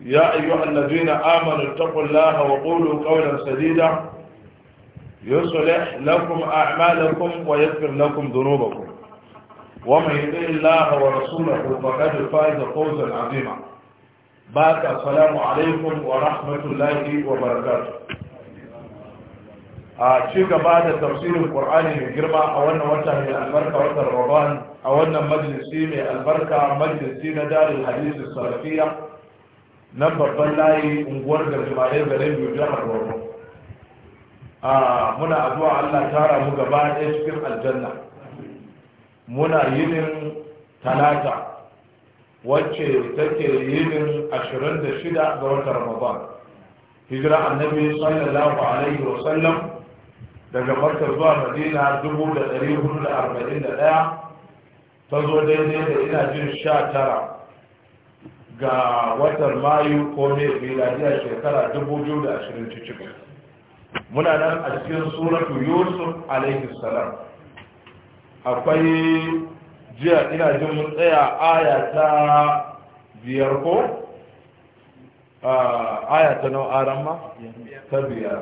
يا أيها الذين آمنوا اتقوا الله وقولوا قولا سديدا يصلح لكم أعمالكم ويغفر لكم ذنوبكم ومن يطع الله ورسوله فقد فاز فوزا عظيما باك السلام عليكم ورحمة الله وبركاته أشيك بعد تفسير القرآن من جرمى أولنا وجه البركة وتر رمضان أولنا مجلسي من البركة مجلسي دار الحديث السلفية Na babban layi unguwar da jimayar garin biyu jihar borno a muna addu'a allah tara mu gaba ɗaya cikin aljanna muna yinin talata wacce take yinin ashirin da shida ga watan ramadan hijira annabi sallallahu alaihi wa sallam daga makka zuwa madina dubu da ɗari hudu da arba'in da ɗaya ta zo daidai da ina jin sha tara ga watan mayu ko ne miladiya shekara ashirin cikin muna nan a cikin suratu yusuf alaihi salam akwai jiya ina jin mun tsaya aya ta biyar ko aya ta nau aran ma ta biyar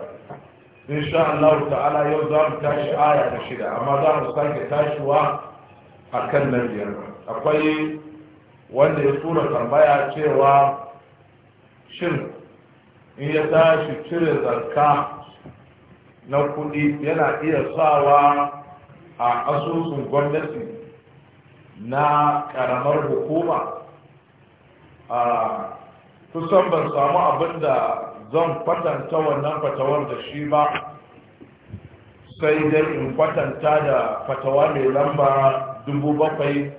in sha Allah ta'ala yau za mu tashi aya da shida amma za mu sake tashiwa a kan na biyar akwai wanda ya tura tambaya cewa shin in ya tashi cire zarka na kudi yana iya sawa a asusun gwamnati na ƙaramar hukuma a kusan ban samu abin da zan kwatanta wannan fatawar da shi ba sai dai in kwatanta da fatawa mai lamba dubu bakwai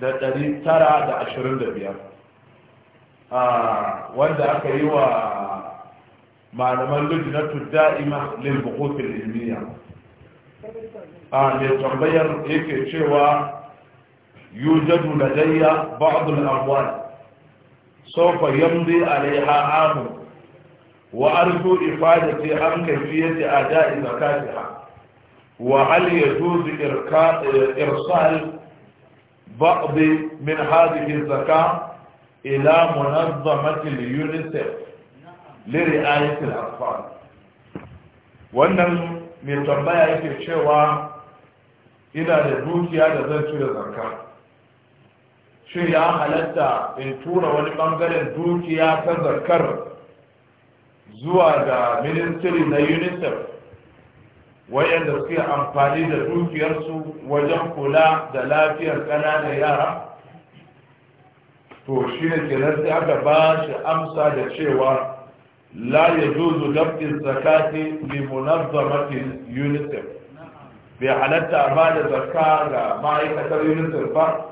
da ɗari tara da ashirin da biyar wanda aka yi wa malaman lujinatu da'ima lil bukutul ilmiya a mai tambayar yake cewa yujadu ladayya ba'd al-amwal سوف يمضي عليها عام وأرجو إفادة عن كيفية أداء زكاتها وهل يجوز إرسال بعض من هذه الزكاة إلى منظمة اليونيسف لرعاية الأطفال wannan mai tambaya yake cewa ina da dukiya da zan cire zakka Shin ya halatta in tura wani ɓangaren dukiya ta zakkar zuwa ga ministry na unicef wayanda suke amfani da dukiyarsu wajen kula da lafiyar ƙananan yara to shi ne kenan sai aka ba shi amsa da cewa la ya juzu dafin zakati li munazzamatin unicef bai halatta a ba da zaka ga ma'aikatar unicef ba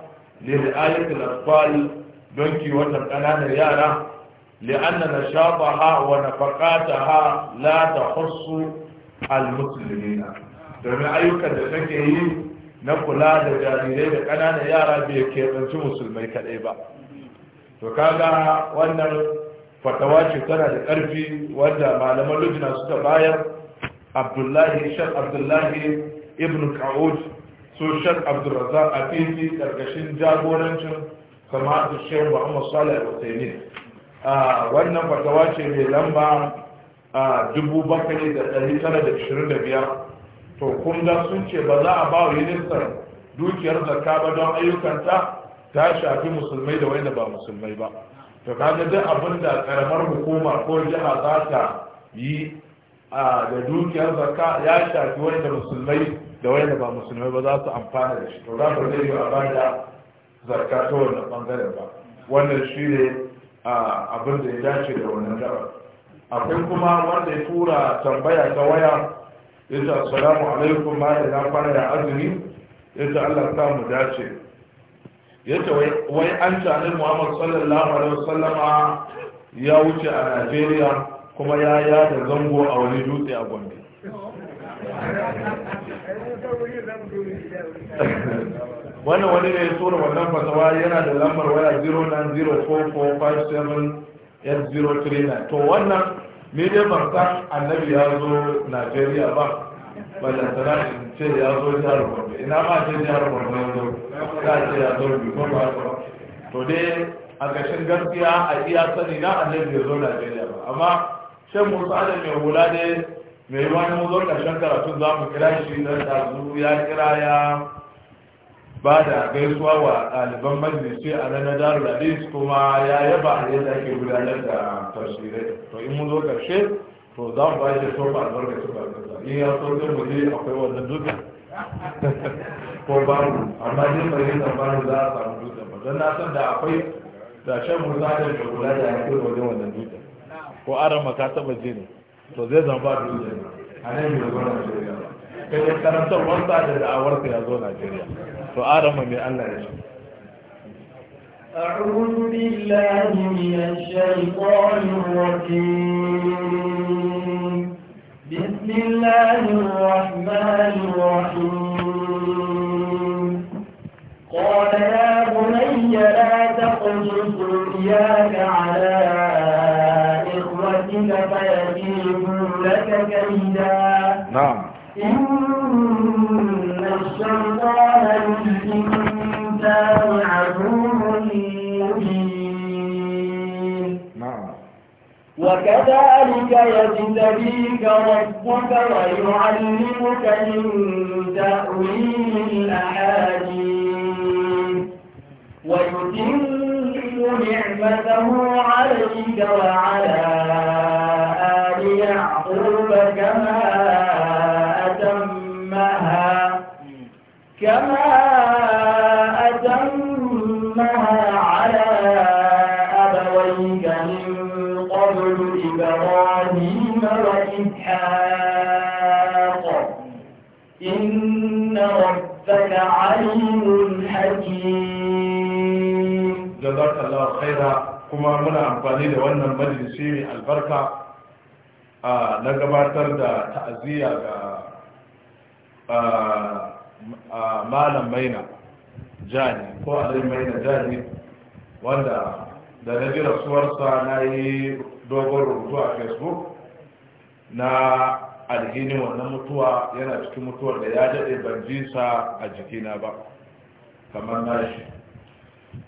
lil'ayatul asfali don kiwatar ƙananan yara li'anna na shafa ha wa nafaqata ha la ta husu al-musulmina domin ayyukan da take yi na kula da jarirai da ƙananan yara bai keɓanci musulmai kaɗai ba to kaga wannan fatawa ce tana da ƙarfi wanda malaman lujina suka bayar abdullahi shan abdullahi ibn ka'ud su shan abdurrazak a karkashin ƙarƙashin jagorancin sama'adu shehu muhammad salih al ah, wannan fatawa ce mai lamba a dubu bakwai da ɗari tara da ishirin da biyar to kun ga sun ce ba za a ba wa ministan dukiyar zakka ba don ayyukanta ta shafi musulmai da wanda ba musulmai ba to kaga duk abin da karamar hukuma ko jiha za ta yi a da dukiyar zakka ya shafi wanda musulmai da wanda ba musulmai ba za su amfana da shi to za ba zai yi a bada zakka ta wannan bangaren ba wannan shi ne abin da ya dace da wannan gaba akwai kuma wanda ya tura tambaya ta waya ya ce assalamu alaikum ma ina fara ya azumi ya ce allah ta mu dace ya ce wai an canin muhammad sallallahu alaihi wasallama ya wuce a nigeria kuma ya yada zango a wani dutse a gombe wannan wani ne ya tura wannan fasawa yana da lambar waya 090445 s039 to wannan ni dai ban annabi ya zo najeriya ba balantana in ce ya zo jihar borno ina ma ce jihar borno ya zo za ce ya zo biyu ba ba to dai a gashin gaskiya a iya sani na annabi ya zo najeriya ba amma shan musa da mai hula ne mai wani mu zo ƙarshen karatun za mu kira shi don zuwa ya kira ya ba da gaisuwa wa ɗaliban sai a ranar darul hadis kuma ya yaba a yadda ake gudanar da tafsirai to in mun zo karshe to za mu ba shi tofa albarka su in ya so zai mu je akwai wannan dutse ko babu amma dai fahimtar babu za a samu dutsen ba don na san da akwai da shan musa da shagula da ya kai wajen wannan dutsen ko aran maka taba je ne to zai zama ba dutsen a nan yi zuwa ba. kai da karantar wanda da da'awar ya zo najeriya to arama mai Allah ya ce أعوذ بالله من الشيطان الرجيم بسم الله الرحمن الرحيم قال يا بني لا تقصص رؤياك على إخوتك فيكيدوا لك كيدا نعم للإنسان عدو مبين وكذلك يجتبيك ربك ويعلمك من تأويل الأحاديث ويتم نعمته عليك وعلى آل يعقوب كما كما أتمها على أبويك من قبل إبراهيم وإسحاق إن ربك عليم حكيم جزاك الله خيرا kuma muna amfani da wannan majalisi mai albarka na gabatar da ta'aziyya ga malam maina jani ko alai maina jani wanda da na ji rasuwarsa na yi dogon rubutu a facebook na alhini wannan mutuwa yana cikin mutuwar da ya daɗe ban ji sa a jikina ba kamar nashi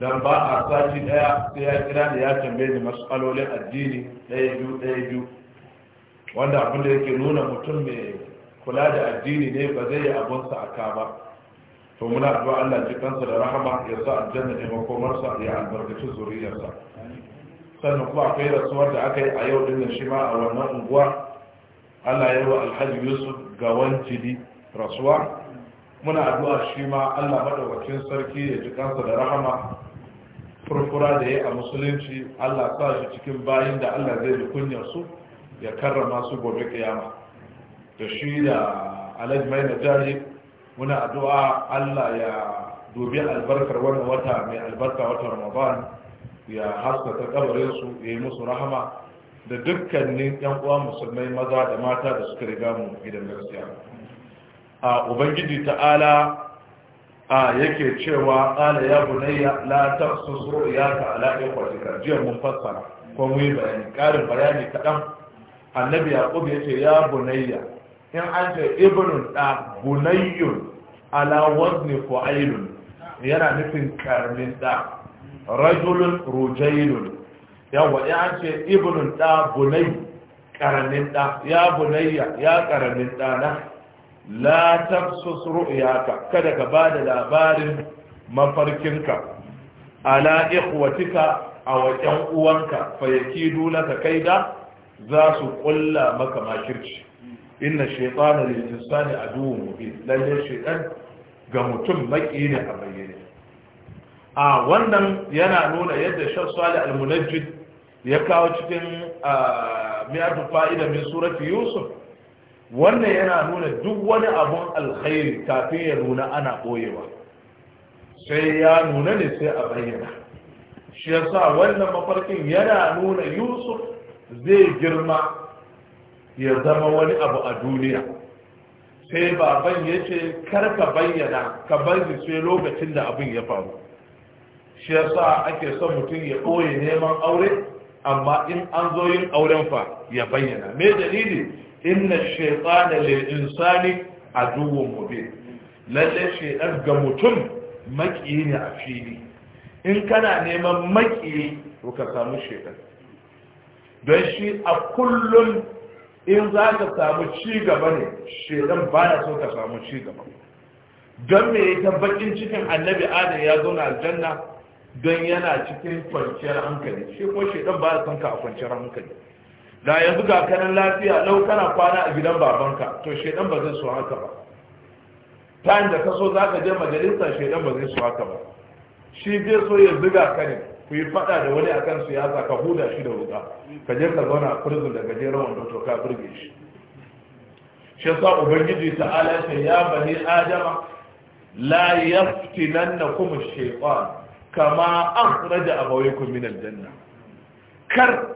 don ba a sati ɗaya sai ya kira da ya tambaye ni matsalolin addini ɗaya biyu ɗaya biyu wanda abin da yake nuna mutum mai kula da addini ne ba zai yi abunsa a ka ba to muna zuwa Allah ji da rahama ya sa aljanna ne makomarsa ya albarkaci zuriyarsa sannan kuma akwai rasuwar da aka yi a yau din shi ma a wannan unguwa Allah ya yi wa Alhaji Yusuf ga jini rasuwa muna addu'a shi ma Allah madaukakin sarki ya ji kansa da rahama furfura da ya a musulunci Allah sa shi cikin bayin da Allah zai ji kunyar su ya karrama su gobe kiyama da da alhaji mai na jari muna addu'a allah ya dubi albarkar wannan wata mai albarka wata ramadan ya haskaka kabarinsu ya yi musu rahama da dukkanin yan uwa musulmai maza da mata da suka riga mu gidan gaskiya a ubangiji ta'ala a yake cewa ala ya bunayya la taqsus ru'yaka ala ikhwatika jiya mun fassara ko mu yi bayani karin bayani kadan annabi yaqub yace ya bunayya in an ce ibnun da bunayyun ala wazni fu'ailun yana nufin karmin da rajulun rujailun yawa in an ce ibnun da bunay karamin da ya bunayya ya karamin da na la ru'yaka kada ka ba da labarin mafarkinka ala Ikwatika a yan uwanka fayakidu kai kaida za su kulla maka makirci inna shaytana lil insani aduwwun mubin lalle shaytan ga mutum maki ne a bayyane a wannan yana nuna yadda shan sali al-munajjid ya kawo cikin mi'atu fa'ida mai surati yusuf wannan yana nuna duk wani abun alkhairi kafin ya nuna ana boyewa sai ya nuna ne sai a bayyana shi yasa wannan mafarkin yana nuna yusuf zai girma ya zama wani abu a duniya sai baban ya ce karka bayyana ka bari sai lokacin da abin ya faru shi yasa ake son mutum ya ɓoye neman aure amma in an zo yin auren fa ya bayyana me dalili inna shaytana lil insani aduwwun mubin lalle shaytan ga mutum makiyi ne a fili in kana neman makiyi to ka samu shaytan don shi a kullum in za ka samu ci gaba ne shedan ya so ka samu ci gaba don me ya bakin cikin annabi adam ya zo na aljanna don yana cikin kwanciyar hankali shi ko shedan ya son ka a kwanciyar hankali da yanzu ga kanan lafiya lau kana kwana a gidan babanka to shedan ba zai so haka ba ta da ka so za ka je majalisa shedan ba zai so haka ba shi zai so ya ziga ka ne ku yi fada da wani akan siyasa ka huda shi da wuka ka je ka zauna a prison da gajeren wanda to ka burge shi shi yasa ubangiji ta ce ya bani adama la yaftinannakum ash-shaytan kama akhraja abawaykum min al kar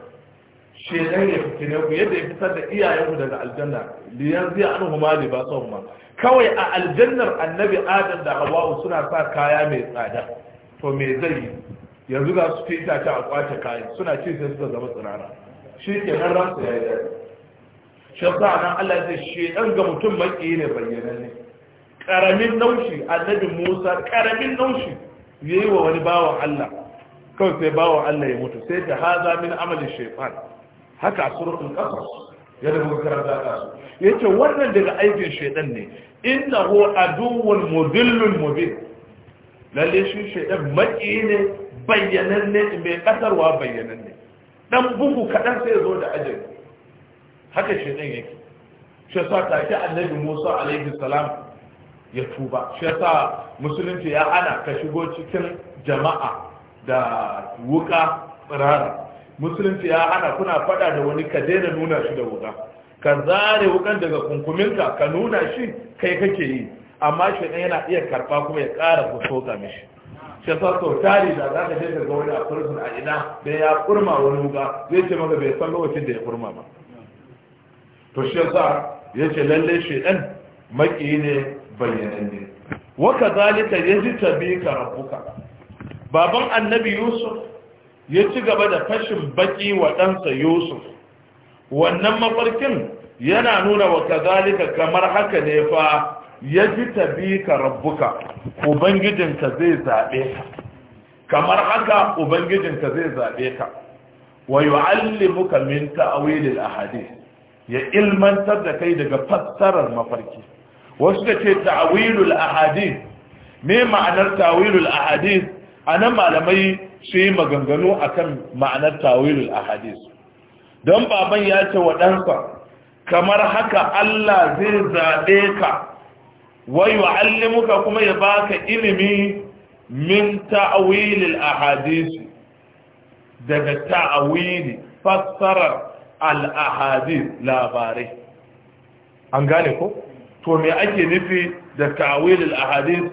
shedan ya fitine ku yadda ya fitar da iyayenku daga aljanna liyan zai an huma libasan ma kawai a aljannar annabi adam da hawa'u suna sa kaya mai tsada to me zai yi yanzu za su fi ta a kwace kayan suna ci sai suka zama tsirara shi ke nan ransu ya yi dadi? shi sa nan Allah zai ce ɗan ga mutum maki ne ne. karamin naushi annabi Musa karamin naushi yayi wa wani bawa Allah kawai sai bawa Allah ya mutu sai da haza min amalin shaytan haka suratul qasas ya da muka karanta Ya ce wannan daga aikin shaiɗan ne innahu aduwwun mudillun mubin lalle shi shaytan maki ne bayyananne mai kasarwa bayyananne dan bugu kadan sai zo da ajin haka shi ne yake shi yasa take annabi Musa alaihi salam ya tuba shi yasa musulunci ya ana ka shigo cikin jama'a da wuka tsirara musulunci ya ana kuna fada da wani ka daina nuna shi da wuka ka zare wukan daga kunkuminka ka nuna shi kai kake yi amma shi yana iya karɓa kuma ya ƙara fusoka mishi shi yasa tari da za ka je daga wani a kurkun a ina da ya kurma wani wuga zai ce maka bai san lokacin da ya kurma ba to shi yasa ya ce lallai shi ɗan maki ne bayyananne waka zalika ya ji tabi ka rabbuka baban annabi yusuf ya ci gaba da fashin baki wa ɗansa yusuf wannan mafarkin yana nuna wa kazalika kamar haka ne fa ya ji tabi ka rabbuka ubangijinka zai zaɓe ka kamar haka ubangijinka zai zaɓe ka wa yu'allimuka min ta'wilil ahadith ya ilmantar da kai daga fassarar mafarki wasu da ce ta'wilul ahadith me ma'anar ta'wilul a anan malamai su yi maganganu akan ma'anar ta'wilul ahadith don baban ya ce wa kamar haka Allah zai zaɓe ka Wai wa yu'allimuka kuma ya baka ilimi min ta'wilil ahadith daga ta'wili fassarar al ahadith labarai an gane ko to me ake nufi da ta'wilil ahadith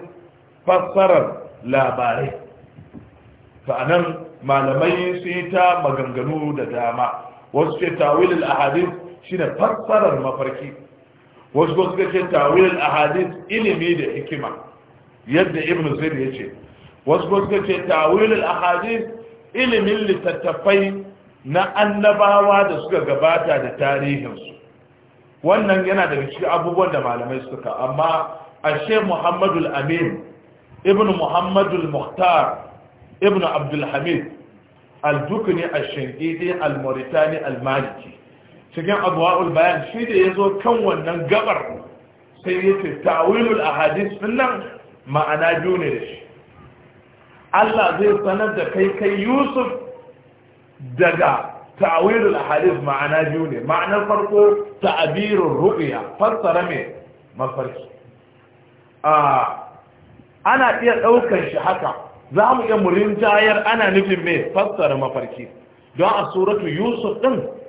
fassarar labarai sa'anan malamai su yi ta maganganu da dama wasu ce tawilil ahadith shine fassarar mafarki wasu ba suka ce tawilin ahadis ilimi da hikima yadda ibn zaid ya ce wasu ba suka ce tawilin ahadis ilimin littattafai na annabawa da suka gabata da tarihinsu wannan yana daga cikin abubuwan da malamai suka amma ashe muhammadul amin ibn muhammadul muhtar ibn abdulhamid al-dukni al-shinqidi al-mauritani al-maliki cikin adwa'ul bayan shi da ya zo kan wannan gabar sai ya ce ta'awilul ahadis din nan ma'ana biyu ne da shi Allah zai sanar da kai kai Yusuf daga ta'awilul ahadis ma'ana biyu ne ma'anar farko ta'abirul ru'ya fassara mai mafarki ana iya ɗaukar shi haka za mu iya murin tayar ana nufin mai fassara mafarki don a suratu yusuf ɗin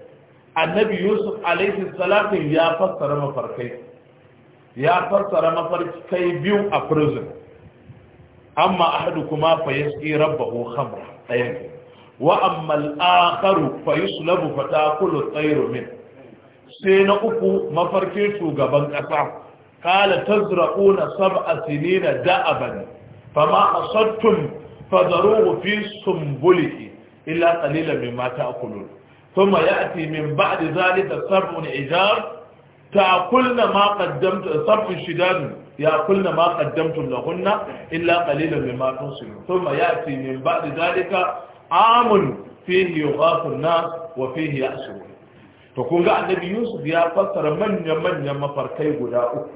annabi yusuf alaihi salatu ya fassara mafarkai ya fassara mafarkai biyu a prison amma ahadu kuma fa yasqi rabbahu khamra ayan wa amma al-akharu fa yuslabu fa taqulu tayru min sai na uku mafarkin shugaban kasa kala تزرعون سبع سنين da'aban فما أصدتم فذروه في سنبله إلا قليلا مما تأكلون ثم يأتي من بعد ذلك سبع إجار تأكلن ما قدمت سبع شداد يأكلن ما قدمتم لهن إلا قليلا مما تنصرون ثم يأتي من بعد ذلك عام فيه يغاث الناس وفيه يأسرون تقول قال النبي يوسف يا فسر من يمن يم فركي غداء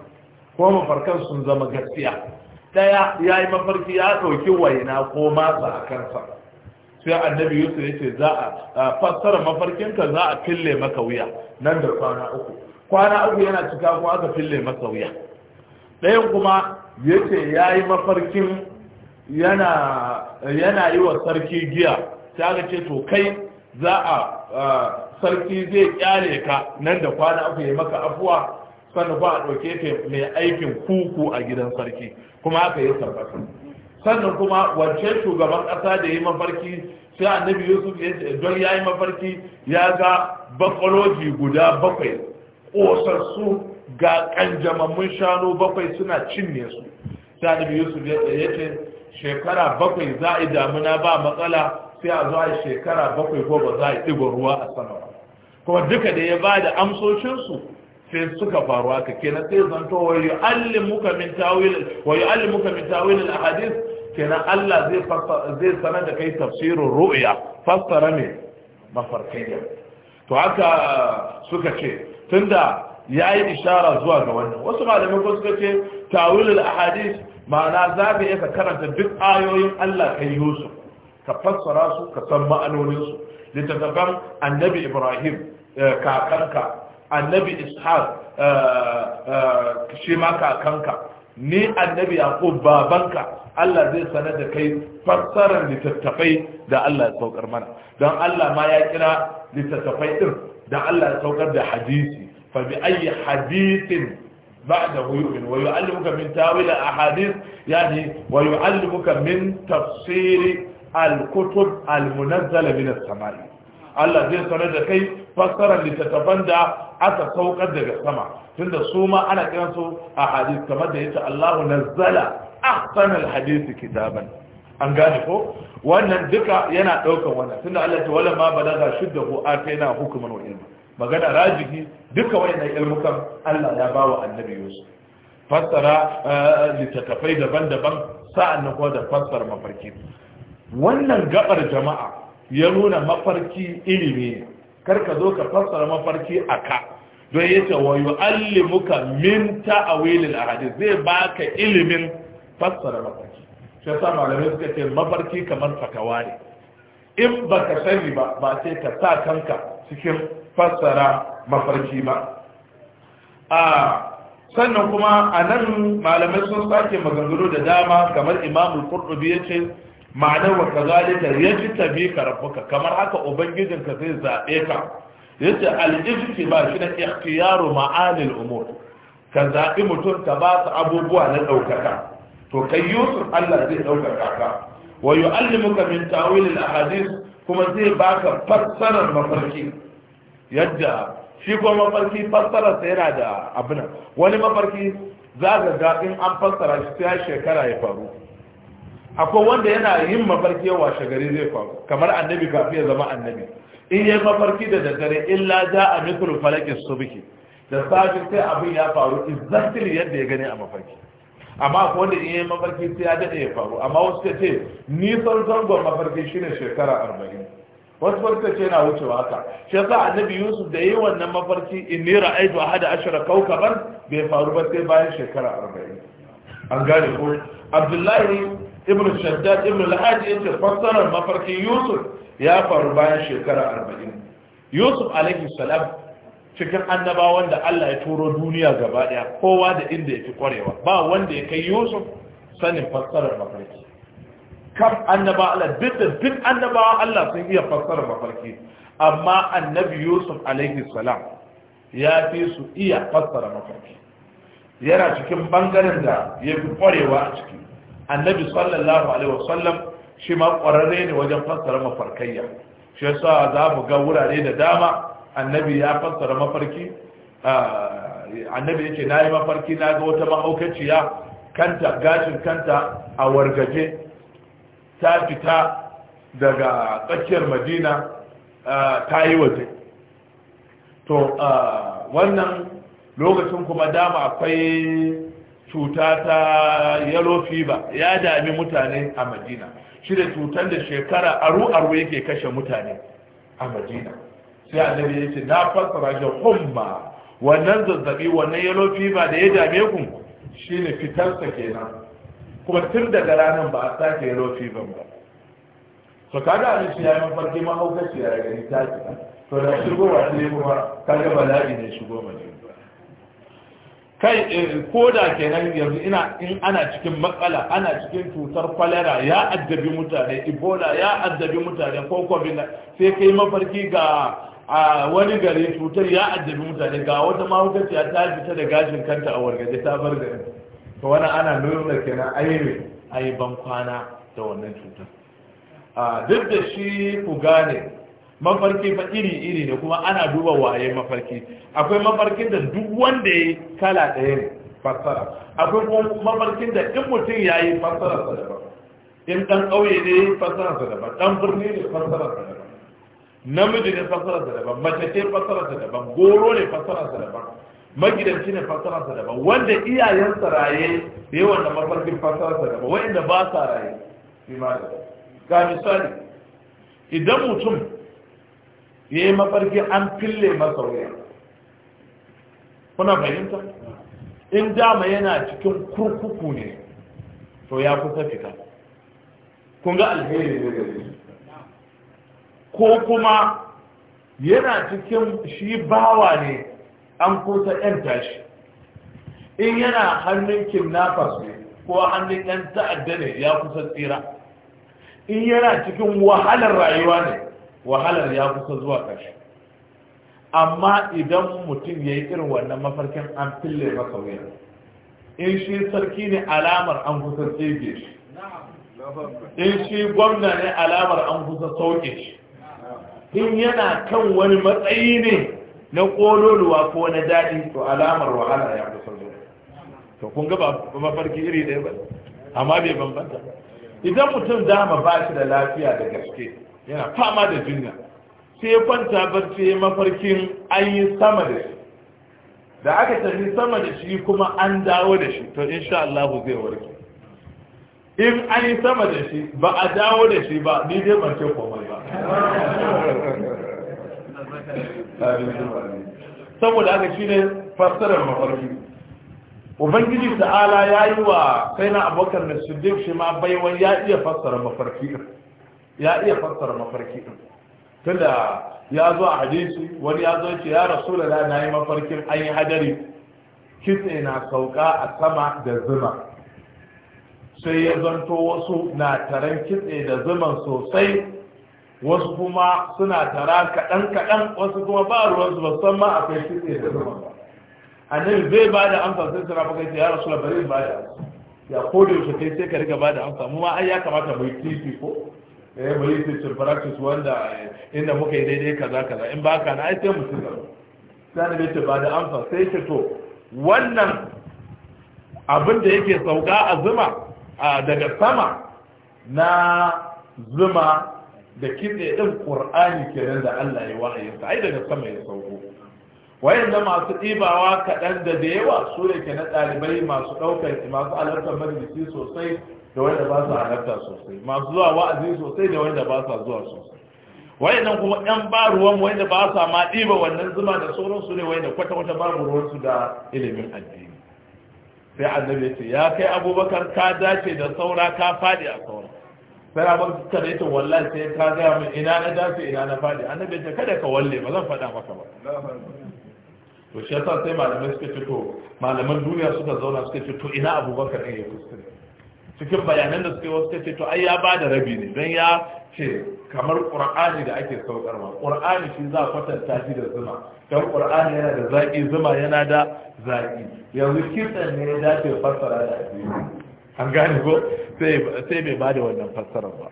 وما فركان سنزم غسيا daya yayi mafarki ya dauki waina ko masa akan sa sai annabi yusuf ya ce za a fassara mafarkinka za a fille maka wuya nan da kwana uku kwana uku yana cika kuma aka fille maka wuya ɗayan kuma ya ce ya yi mafarkin yana yi wa sarki giya sai aka ce to kai za a sarki zai kyale ka nan da kwana uku ya maka afuwa sannan ba a ɗauke ka mai aikin kuku a gidan sarki kuma aka yi sarfata. sannan kuma wancan shugaban ƙasa da ya mafarki sai annabi yusuf don ya yi mafarki ya ga bakwaloji guda bakwai ƙosassu ga ƙanjamammun shanu bakwai suna cinye su sai annabi yusuf ya ce shekara bakwai za a yi damuna ba matsala sai a zuwa shekara bakwai ko ba za a yi ɗigon ruwa a sama kuma duka da ya ba da amsoshinsu sai suka faru haka kenan sai zanto wa yu'allimuka min tawil wa yu'allimuka min tawil al-ahadith kenan Allah zai zai sanar da kai tafsirin ru'ya fassara ne mafarkiya to haka suka ce tunda yayi ishara zuwa ga wannan wasu malamai ko suka ce tawil al-ahadith ma'ana za ka iya ka karanta duk ayoyin Allah kai Yusuf ka fassara su ka san ma'anonin su littattafan annabi Ibrahim eh, kakanka annabi ishaq eh, eh, shi ma kakanka ni annabi yaqub babanka Allah zai sanar da kai fassarar littattafai da Allah ya saukar mana don Allah ma ya kira littattafai din da Allah ya saukar da hadisi fa bi ayi hadisin بعده يؤمن ويعلمك من تاويل أحاديث يعني ويعلمك من تفسير الكتب المنزلة من السماء allah zai sanar da kai fassarar littattafan da aka saukar daga sama tunda su ma ana kiransu a hadis kamar da yace Allahu nazzala ahsanal hadisi kitaban an gane ko wannan duka yana daukan wannan tunda Allah ta wala ma balaga shiddahu atayna hukman wa ilma magana rajihi duka wayannan ilmukan Allah ya bawa annabi Yusuf fassara eh, littattafai daban-daban sa'an na da fassara mafarki wannan gabar jama'a ya nuna mafarki ilimi ne kar ka zo ka fassara mafarki a ka don ya ce wa yu'allimuka min a hadis zai baka ilimin fassara mafarki shi sa malamai suka ce mafarki kamar fatawa ne in ba ka sani ba ba sai ka sa kanka cikin fassara mafarki ba a sannan kuma a nan malamai sun sake maganganu da dama kamar imamul ya ce. ma'anar wa kazalika yajta bika rabbuka kamar haka ubangijin ka zai zaɓe ka yace al ifti ba shi ne ikhtiyaru ma'anil umur ka zaɓi mutum ka ba su abubuwa na daukaka to kai Yusuf Allah zai daukaka ka wa yu'allimuka min ta'wil al-ahadith kuma zai baka fassarar mafarki yadda shi kuma mafarki fassarar sa yana da abin wani mafarki za ga in an fassara shi sai shekara ya faru akwai wanda yana yin mafarki washe gari zai faru kamar annabi kafin ya zama annabi in yi mafarki da daddare illa za a mikul falakin biki da safin sai abin ya faru exactly yadda ya gani a mafarki amma akwai wanda in yi mafarki sai ya daɗe ya faru amma wasu ta ce nisan zangon mafarki shine shekara arba'in wasu farka ce yana wucewa haka shi yasa annabi yusuf da yi wannan mafarki in ni ra'aitu ahada ashara kaukaban bai faru ba sai bayan shekara arba'in an gane ko abdullahi ibn shaddad ibn al-hajj yace fassarar mafarkin yusuf ya faru bayan shekara 40 yusuf alaihi salam cikin annabawan da Allah ya turo duniya gaba daya kowa da inda yake kwarewa ba wanda ya kai yusuf sanin fassarar mafarki kaf annaba Allah duk da annabawa Allah sun iya fassarar mafarki amma annabi yusuf alaihi salam ya fi su iya fassara mafarki yana cikin bangaren da ya fi kwarewa a ciki annabi sallallahu alaihi wasallam shi ma ƙwararre ne wajen fassara mafarkayya shi yasa za mu ga wurare da dama annabi ya fassara mafarki ah, annabi yake na yi mafarki na ga wata mahaukaciya kanta gashin kanta a wargaje ta fita daga tsakiyar madina ah, ta yi waje to ah, wannan lokacin kuma dama akwai cuta ta yellow fever ya dami mutane a madina shi da cutar da shekara aru aru yake kashe mutane a madina sai annabi ya ce na fassara ga homma, wannan zazzabi wannan yellow fever da ya dame ku Shi ne fitarsa kenan kuma tun daga ranar ba a sake yellow fever ba so kaga abin shi ya yi mafarki mahaukaci ya gani ta to da shigowa ne kuma kaga bala'i ne shigo madina kai eh, ko da kenan yanzu ina in ana cikin matsala ana cikin cutar kwalera ya addabi mutane ibola ya addabi mutane ko covid sai kai mafarki ga wani gari cutar ya addabi mutane ga wata mahaukaciya ta fita da gashin kanta a wargaje ta bar da to wani ana nuna kenan ayi ayi ban kwana da wannan cutar duk da shi ku gane mafarki fa iri-iri ne kuma ana duba waye mafarki akwai mafarkin da duk wanda ya kala ɗaya ne fassara akwai kuma mafarkin da in mutum ya yi fassararsa daban in ɗan ƙauye ne ya yi fassararsa daban ɗan birni ne fassararsa daban namiji ne fassararsa daban mace ce fassararsa daban goro ne fassararsa daban magidanci ne fassararsa daban wanda iyayensa raye da yawan da mafarkin fassararsa daban wa'inda ba sa raye shi ma da ga misali idan mutum ya yi mafarki an fille masa wuya kuna fahimta in dama yana cikin kurkuku ne to ya kusa fita kun ga alheri ne da ko kuma yana cikin shi bawa ne an kusa 'yan tashi in yana hannun kidnappers ne ko hannun 'yan ta'adda ne ya kusa tsira in yana cikin wahalar rayuwa ne wahalar ya kusa zuwa ƙarshe amma idan mutum ya yi irin wannan mafarkin an fille masa wuya in shi sarki ne alamar an kusa tsege shi in shi gwamna ne alamar an kusa sauke shi in yana kan wani matsayi ne na ƙololuwa ko na daɗi to alamar wahala ya kusa zuwa to kun gaba mafarki iri ɗaya ba amma bai bambanta idan mutum dama ba shi da lafiya da gaske yana fama da jinya sai ya kwanta barci ya mafarkin an yi sama da shi da aka tafi sama da shi kuma an dawo da shi to insha Allah zai warke in an yi sama da shi ba a dawo da shi ba ni dai ban ce komai ba saboda aka shi ne fassarar mafarki ubangiji ta'ala ya yi wa sai na abokan da shi ma baiwan ya iya fassara mafarki ya iya fassara mafarki din tunda ya zo a hadisi wani ya zo ce ya rasulullah na yi mafarkin an yi hadari kitse na sauka a sama da zuma sai ya zanto wasu na taran kitse da zuman sosai wasu kuma suna tara kaɗan kaɗan wasu kuma ba ruwansu ba san ma kai kitse da zuma annabi bai ba da amsa sai suna baka ya rasu bari ba da ya kodiyo da kai sai ka riga ba da amsa mu ma ai ya kamata mu yi titi ko eh bari su practice wanda eh, inda muka yi daidai kaza kaza in ba ka na ai sai mu tuka sai da ce ba da amsa sai ce to wannan abin da yake sauka a zuma daga sama na zuma da kitse din qur'ani kenan da Allah ya wahayinsa ai daga sama ya sauko wayanda masu ɗibawa kaɗan da da yawa su ke na ɗalibai masu ɗaukar masu alartar majalisi sosai da wanda ba su halarta sosai masu zuwa wa'azi sosai da wanda ba su zuwa sosai Wai nan kuma ɗan ba ruwan wanda ba su ma diba wannan zuma da sauransu ne wanda kwata-kwata babu su da ilimin addini sai annabi ya ce ya kai abubakar ka dace da saura ka faɗi a saura sai abubakar ka dace wallahi sai ka gaya mun ina na dace ina na fadi. annabi ya ce kada ka walle ba zan faɗa maka ba to shi yasa sai malamai suka fito malaman duniya suka zauna suka fito ina abubakar ne ya kuskure cikin bayanan da suke wasu ce to ai ya bada rabi ne don ya ce kamar ƙur'ani da ake saukarwa ƙur'ani shi za a kwatanta shi da zuma don ƙur'ani yana da zaƙi zuma yana da zaƙi yanzu kitsan ne ya dace fassara da addini an gane ko sai bai ba da wannan fassarar ba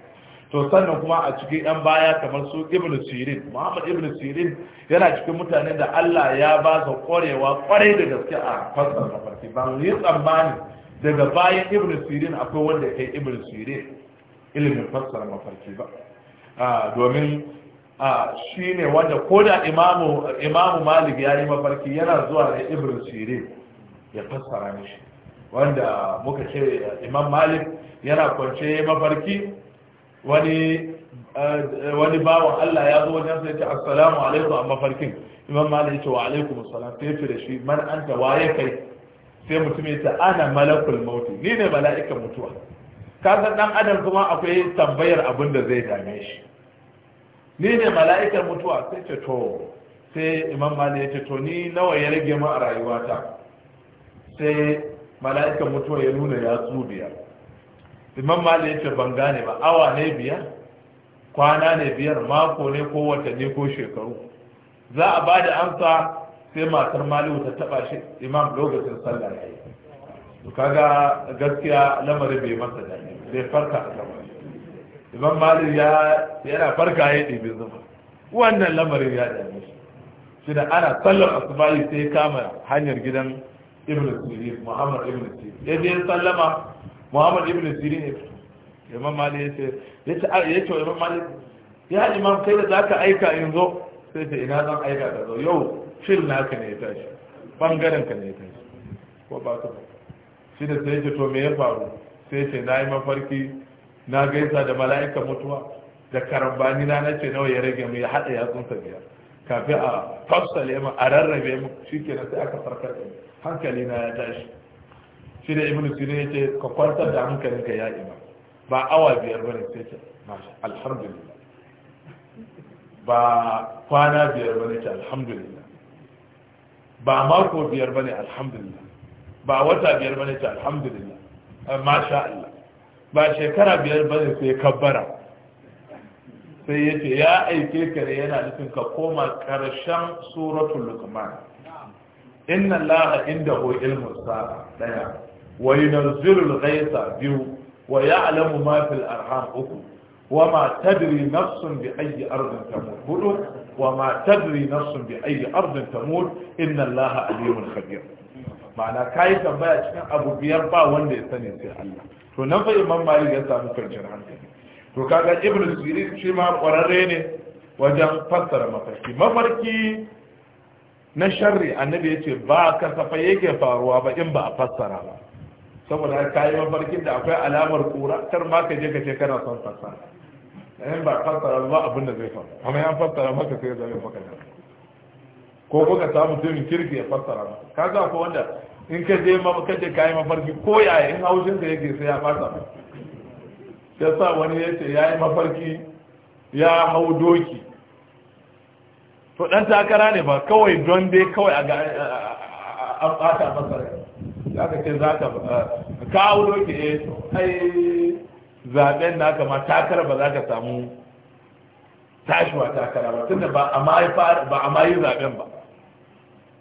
to sannan kuma a cikin yan baya kamar su ibn sirin muhammad ibn sirin yana cikin mutanen da allah ya ba su ƙwarewa ƙwarai da gaske a fassarar mafarki ban yi tsammani daga bayan ibn sirin akwai wanda kai ibn sirin ilimin fassara mafarki ba ah, domin ah, shi ne wanda ko da imamu malik ya yi mafarki yana zuwa da ibn sirin ya fassara mishi wanda muka ce imam malik yana kwance mafarki wani ah, wani bawan Allah ya zo wajen sai ce assalamu alaikum a mafarkin imam malik ya ce wa alaikum assalam sai ya fi da shi man ta waye kai sai mutum ya ce ana malakul mauti ni ne mala'ikan mutuwa kasan dan adam kuma akwai tambayar abin da zai dame shi ni ne mala'ikan mutuwa sai ce to sai imam mali ya ce to ni nawa ya rage mu a rayuwata sai mala'ikan mutuwa ya nuna ya tsu biyar imam mali ya ce ban gane ba awa ne biyar kwana ne biyar mako ne ko watanni ko shekaru za a ba da amsa sai matar malihu ta taba shi imam lokacin sallah ya yi to kaga gaskiya lamarin bai masa daɗi bai farka a gaba imam malihu ya yana farka ya ɗebe zuba wannan lamarin ya dame shi shi da ana sallar asibali sai kama hanyar gidan ibn sirin muhammad ibn sirin ya je sallama muhammad ibn sirin ya fito imam malihu ya ce ya ce imam malihu ya imam kai da za ka aika in zo sai ce ina zan aika ka zo yau fil ka ne ya tashi bangaren ka ne ya tashi ko ba ka shi da sai ce to me ya faru sai ce na yi mafarki na gaisa da mala'ika mutuwa da karambani na na ce nawa ya rage mu ya haɗa yatsunsa biyar kafin a fafsale mu a rarrabe mu shi ke sai aka farkar da hankali na ya tashi shi da ibnu sina ya ce ka kwantar da ka ya ima ba awa biyar bane sai ce alhamdulillah ba kwana biyar bane ce alhamdulillah ba mako biyar bane alhamdulillah ba wata biyar bane ta alhamdulillah eh, masha Allah ba shekara biyar bane sai kabbara sai ya ce ya aike ka ne yana nufin ka koma karshen suratul luqman inna allaha indahu ilmu sa'a daya wa yunzilu al-ghaytha biyu wa ya'lamu ma fil arham uku wa ma tadri nafsun bi ayyi ardin tamut hudu وما تدري نفس بأي أرض تموت إن الله عليم خبير ma'ana ka yi tambaya cikin abu biyar ba wanda ya sani sai Allah to nan fa imam malik ya samu kwanciyar hankali to kaga ibn sirin shi ma kwararre ne wajen fassara mafarki mafarki na sharri annabi ya ce ba kasafa yake faruwa ba in ba a fassara ba saboda ka yi mafarkin da akwai alamar kura kar ma ka je ka ce kana son fassara in ba fassara ba abin da zai faru amma ya fassara maka sai ya zama maka da ko kuka samu mutumin kirki ya fassara ba ka za ko wanda in ka je ma ka je kai mafarki ko yaya in haushin da yake sai ya fasa ba ya sa wani ya ce ya yi mafarki ya hau doki to dan takara ne ba kawai don dai kawai a an ɓata masa rai za ka ce za ka hau doki eh ai zaben na kama takara ba za ka samu tashiwa takara ba tunda ba a mayi ba a mayi zaben ba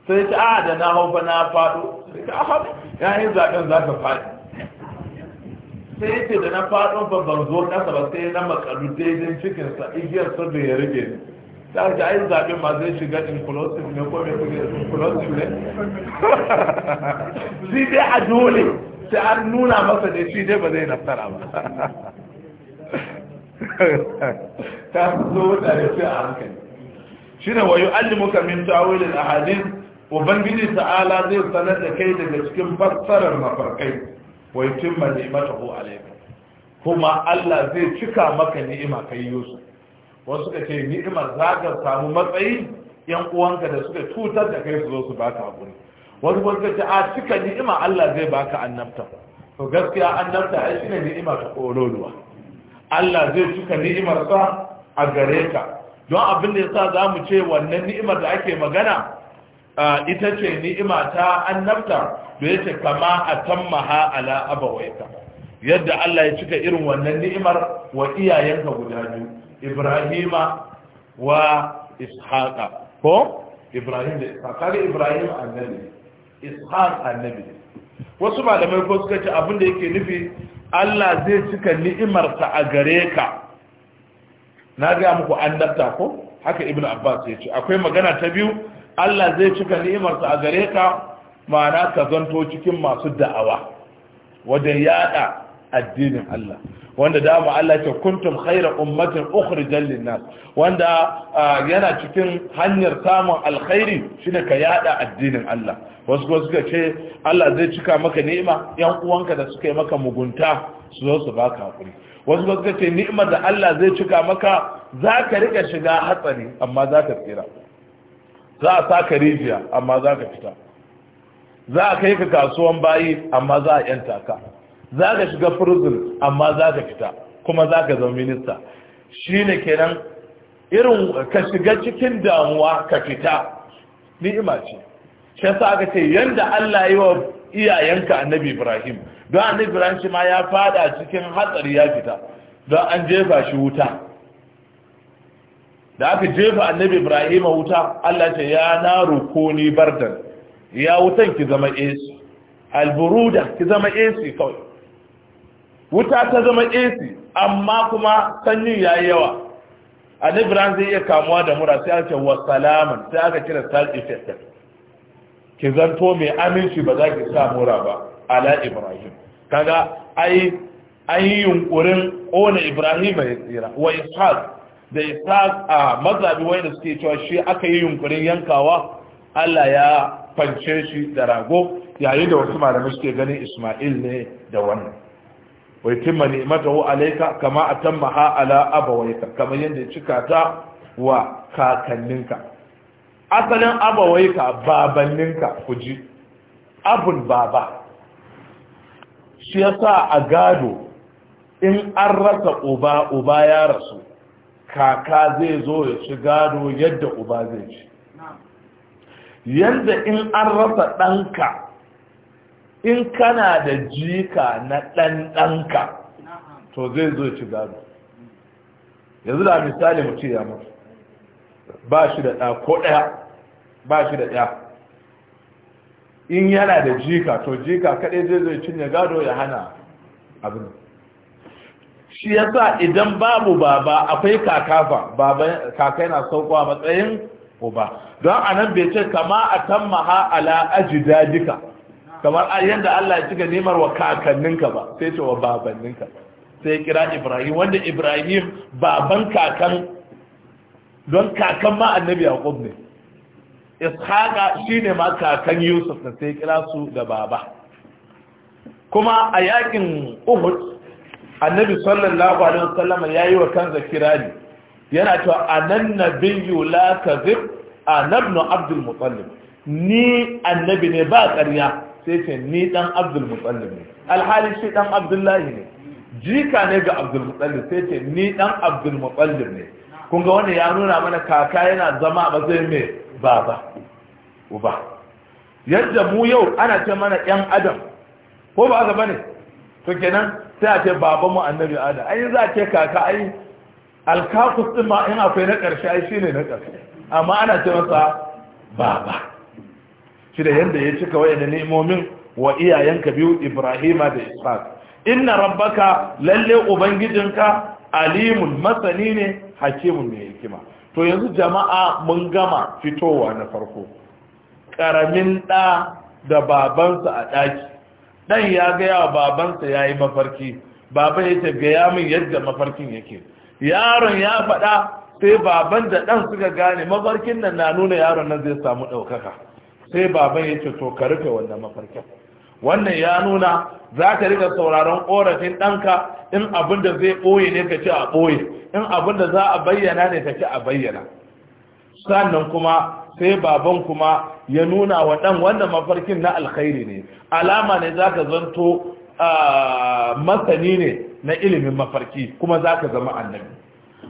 sai ta a ah, da na hau fa na fado sai ta ah, yayin zaben za ka fadi sai ce da na fado fa ban zo kasa ba sai na makalu daidai cikin sa igiyar sa da ya rage ni ta ga ai zaben ma zai shiga inclusive ne ko me kuke inclusive ne sai dai a dole sai an nuna masa da shi dai ba zai nasara ba ta zo da ya fi a hankali shi ne wa yu'allimuka min ta'awilil ahadith ubangiji ta'ala zai sanar da kai daga cikin fassarar mafarkai wa mata ko alayka kuma Allah zai cika maka ni'ima kai Yusuf wasu ka ce ni'imar za ka samu matsayi yan uwanka da suka cutar da kai su zo su baka hakuri wani wanda ta a cika ni'ima Allah zai baka annabta to gaskiya annabta ai shine ni'ima ta kololuwa Allah zai cika ni'imar sa a gare ka don abin da yasa zamu ce wannan ni'imar da ake magana ita ce ni'ima ta annabta da yace kama atammaha ala abawaita yadda Allah ya cika irin wannan ni'imar wa iyayenka guda biyu Ibrahima wa Ishaqa ko Ibrahim da Ishaqa Ibrahim annabi ishar annabi wasu malamai ko suka ce abin da yake nufi Allah zai cika ni'imarsa a gare ka na ga muku annabta ko haka ibnu abbas ya ce akwai magana ta biyu Allah zai cika ni'imarsa a gare ka ma'ana ka zanto cikin masu da'awa wajen yada addinin Allah wanda dama Allah ce kuntum khayra ummatin ukhrijal linnas wanda yana cikin hanyar samun alkhairi shine ka yada addinin Allah wasu kuma suka ce Allah zai cika maka ni'ima yan uwanka da suka yi maka mugunta su zo su baka hakuri wasu kuma suka ce ni'imar da Allah zai cika maka za ka rika shiga hatsari amma za ka tsira za a saka rijiya amma za ka fita za a kai ka kasuwan bayi amma za a yanta ka za ka shiga prison amma za ka fita kuma za ka zama minista shi ne kenan irin ka shiga cikin damuwa ka fita ni'ima ce shi sa aka ce yanda Allah yi wa iyayenka annabi Ibrahim don annabi Ibrahim shi ma ya fada cikin hatsari ya fita don an jefa shi wuta da aka jefa annabi Ibrahim wuta Allah ce ya roko ni bardan ya wutan ki zama AC alburuda ki zama AC kawai wuta ta zama AC amma kuma sanyin yi yawa A nibiran zai iya kamuwa da mura sai aka wa salaman sai aka kira side effect ki zanto mai aminci ba za ki sa mura ba ala ibrahim kaga ai an yi yunkurin ona ibrahim ya tsira wa ishaq da ishaq a mazabi wanda suke cewa shi aka yi yunkurin yankawa allah ya fance shi da rago yayin da wasu malamai suke ganin ismail ne da wannan wa yutimma ni'matahu alayka kama ha ala abawayka kamar yadda ya cika ta wa kakanninka asalin abawayka babanninka kuji abun baba shi yasa a gado in an rasa uba uba ya rasu kaka zai zo ya ci gado yadda uba zai ci yadda in an rasa ɗanka in kana da jika na ɗanɗanka to zai zo ci gado yanzu da misali mutu ya mutu ba shi da ɗa ko ɗaya ba shi da ɗaya in yana da jika to jika kaɗai zai cin ya gado ya hana abin shi sa idan babu baba akwai kakafa kaka yana saukowa matsayin uba don anan bai ce kama a tammaha ala ajidadika kamar yadda Allah ya cika nemar wa kakanninka ba sai ce wa babanninka sai kira Ibrahim wanda Ibrahim baban kakan don kakan ma annabi Yaqub ne Ishaqa shine ma kakan Yusuf da sai kira su da baba kuma a yakin Uhud annabi sallallahu alaihi wasallam yi wa kansa kirani yana to anan nabiyyu la kadhib anabnu abdul muttalib ni annabi ne ba ƙarya sai ce ni dan abdul mutsallim ne alhali shi dan abdullahi ne jika ne ga abdul mutsallim sai ce ni dan abdul mutsallim ne kun ga wani ya nuna mana kaka yana zama a matsayin mai baba uba yadda mu yau ana ce mana yan adam ko ba haka bane to kenan sai a ce baban mu annabi adam ai za a ce kaka ai alkakus din ma in akwai na karshe ai shine na karshe amma ana ce masa baba shi da yadda ya cika wayannan ni'imomin wa iyayenka biyu ibrahima da ishaq inna rabbaka lalle ubangijinka alimun masani ne hakimun mai hikima to yanzu jama'a mun gama fitowa na farko karamin ɗa da babansa a ɗaki ɗan ya gaya wa babansa yayi mafarki Baba ya ce gaya min yadda mafarkin yake yaron ya faɗa sai baban da ɗan suka gane mafarkin nan na nuna yaron nan zai samu ɗaukaka sai baban ya ce to ka rufe wannan mafarkin wannan ya nuna za ka rika sauraron korafin ɗanka in abin da zai ɓoye ne ka ce a ɓoye in abin da za a bayyana ne ka ce a bayyana sannan kuma sai baban kuma ya nuna wa ɗan wannan mafarkin na alkhairi ne alama ne za ka zanto masani ne na ilimin mafarki kuma za ka zama annabi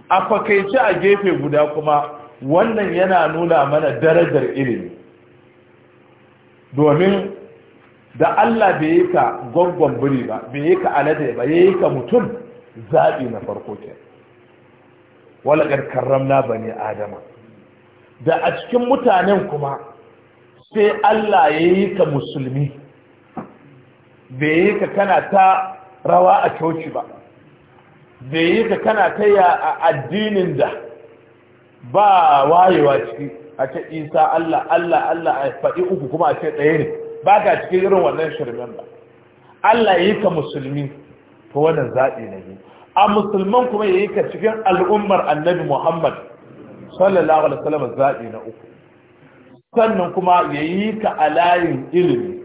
a fakaice a gefe guda kuma wannan yana nuna mana darajar ilimi domin da Allah bai yi ka gwangwan biri ba bai yi ka alade ba ya yi ka mutum zaɓi na farko ke walaƙar karramna ba ne adama da a cikin mutanen kuma sai Allah ya yi ka musulmi bai yi ka kana ta rawa a coci ba bai yi ka kana ta yi a addinin da ba wayewa ciki a ce isa allah allah allah a faɗi uku kuma a ce ɗaya ne ba ka cikin irin wannan shirmen ba allah ya yi ka musulmi to wannan zaɓi na biyu a musulman kuma ya yi ka cikin al'ummar annabi muhammad sallallahu alaihi wasallam zaɓi na uku sannan kuma ya yi ka alayin ilimi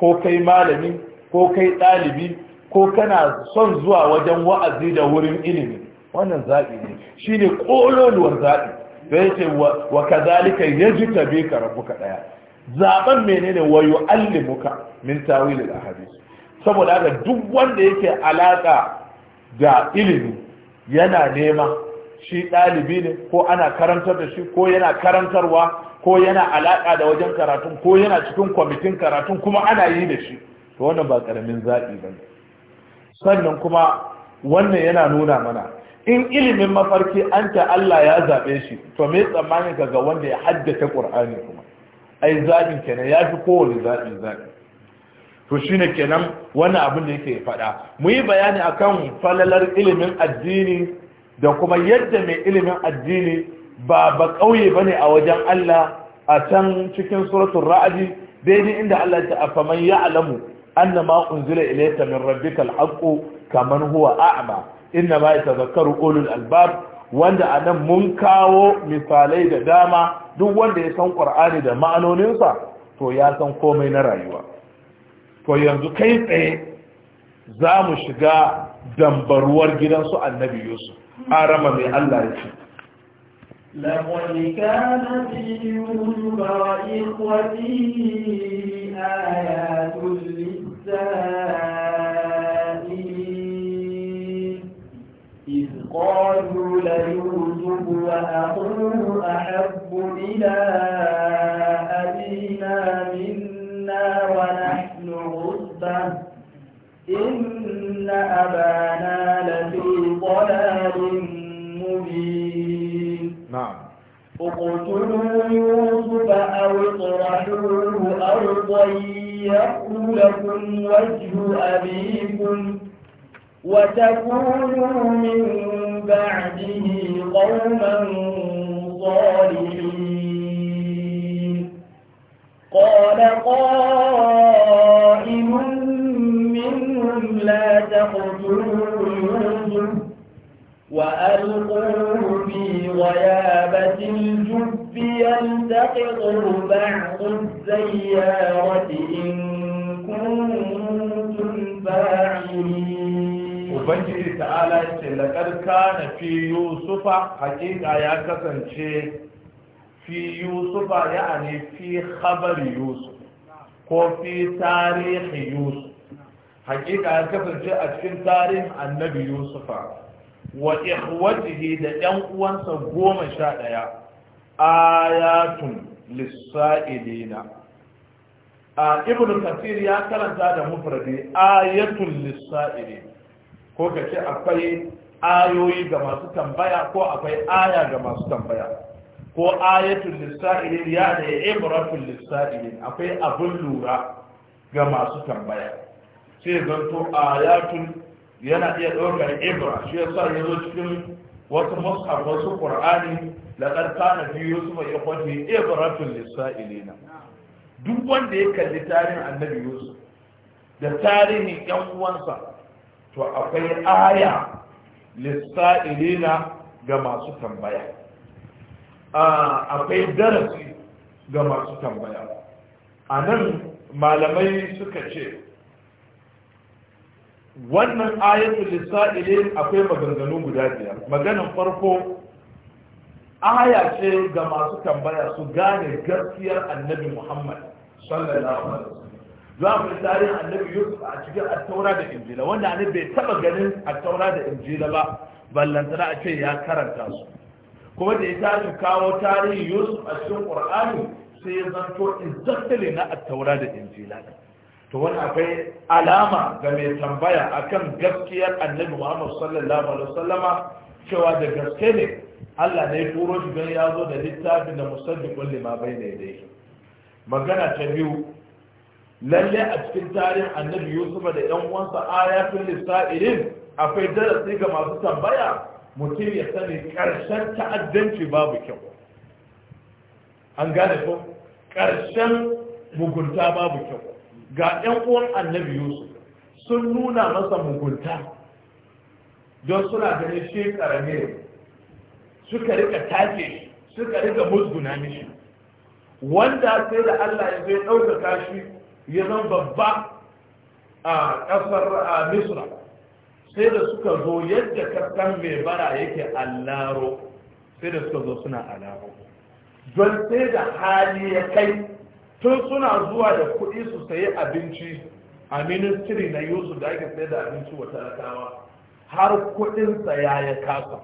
ko kai malami ko kai ɗalibi ko kana son zuwa wajen wa'azi da wurin ilimi wannan zaɓi ne shi ne ƙololuwar zaɓi sai ce wa kazalika rabu ka daya zaben menene wa yu'allimuka min tawil al-ahadith saboda haka duk wanda yake alaƙa da ilimi yana nema shi ɗalibi ne ko ana karantar da shi ko yana karantarwa ko yana alaka da wajen karatun ko yana cikin kwamitin karatun kuma ana yi da shi to wannan ba karamin zaɓi ba sannan kuma wannan yana nuna mana in ilimin mafarki an ta Allah ya zaɓe shi to me tsammanin ka ga wanda ya haddace Qur'ani kuma ai zaɓin kenan ya fi kowane zaɓin zaɓi to shine kenan wannan abin da yake faɗa mu yi bayani akan falalar ilimin addini da kuma yadda mai ilimin addini ba ba ƙauye a wajen Allah a can cikin suratun ra'adi daidai inda Allah ya ta afaman ya'lamu annama unzila ilayka min rabbikal haqqu kaman huwa a'ma inna ma zakar ulul albab wanda a nan mun kawo misalai da dama duk wanda ya san ƙwar'ani da ma'anoninsa to ya san komai na rayuwa to yanzu kai tsaye za mu shiga dambaruwar gidansu annabi yusuf arama mai allah ce لقد كان في يوسف وإخوته آيات للسائل قالوا ليوسف وأخوه أحب إلى أبينا منا ونحن عصبة إن أبانا لفي ضلال مبين نعم اقتلوا يوسف أو اطرحوه أرضا يقول لكم وجه أبيكم وتكونوا من بعده قوما صالحين قال قائم منهم لا تقتلوا يوسف وألقوه في غيابة الجب يلتقطه بعض السيارة إن كنتم فاعلين ubangiji ta'ala ce laƙar na fi yusufa haƙiƙa ya kasance fi yusufa ya'ani fi khabari yusuf ko fi tarihi yusuf haƙiƙa ya kasance a cikin tarihin annabi yusufa wa ikhwatihi da ɗan uwansa goma sha ɗaya ayatun lissa'ilina a ibn kasir ya karanta da mufradi ayatul lissa'ilina ko ka ce akwai ayoyi ga masu tambaya ko akwai aya ga masu tambaya ko ayatul lissa'ilin ya da ya ibratul lissa'ilin akwai abin lura ga masu tambaya sai zanto ayatul yana iya ɗaukar ibra shi sa ya zo cikin wasu mus'ab wasu qur'ani laqad kana fi yusuf ikhwati ibratun lis na. duk wanda ya kalli tarihin annabi yusuf da tarihin yan uwansa to akwai aya lissa'ilina ga masu tambaya akwai darasi ga masu tambaya a nan malamai suka ce wannan ayatul lissa'ilin akwai maganganu guda biyar maganin farko aya ce ga masu tambaya su gane gaskiyar annabi muhammad sallallahu alaihi wasallam za mu yi tarihin annabi yusuf a cikin attaura da injila wanda ne bai taba ganin attaura da injila ba ballantana a ce ya karanta su kuma da ya tashi kawo tarihin yusuf a cikin ƙur'ani, sai ya zanto exactly na attaura da injila to wani akwai alama ga mai tambaya akan gaskiyar annabi muhammad sallallahu alaihi wasallama cewa da gaske ne Allah ne ya turo shi don ya zo da littafin da musaddiqun lima bayna dai magana ta biyu lalle a cikin tarihin annabi yusufa da yan uwansa ayatul lisa'irin akwai darasi ga masu tambaya mutum ya sani karshen ta'addanci babu kyau an gane ko karshen mugunta babu kyau ga yan uwan annabi yusuf sun nuna masa mugunta don suna ganin shi karame suka rika take suka rika musguna mishi wanda sai da Allah ya zai ɗaukaka shi ya zan babba a ƙasar misra sai da suka zo yadda kasan mai bara yake allaro sai da suka zo suna allaro don sai da hali ya kai tun suna zuwa da kuɗi su sayi abinci a ministry na yusuf da ake sai da abinci wa talakawa har kuɗinsa ya ya kasa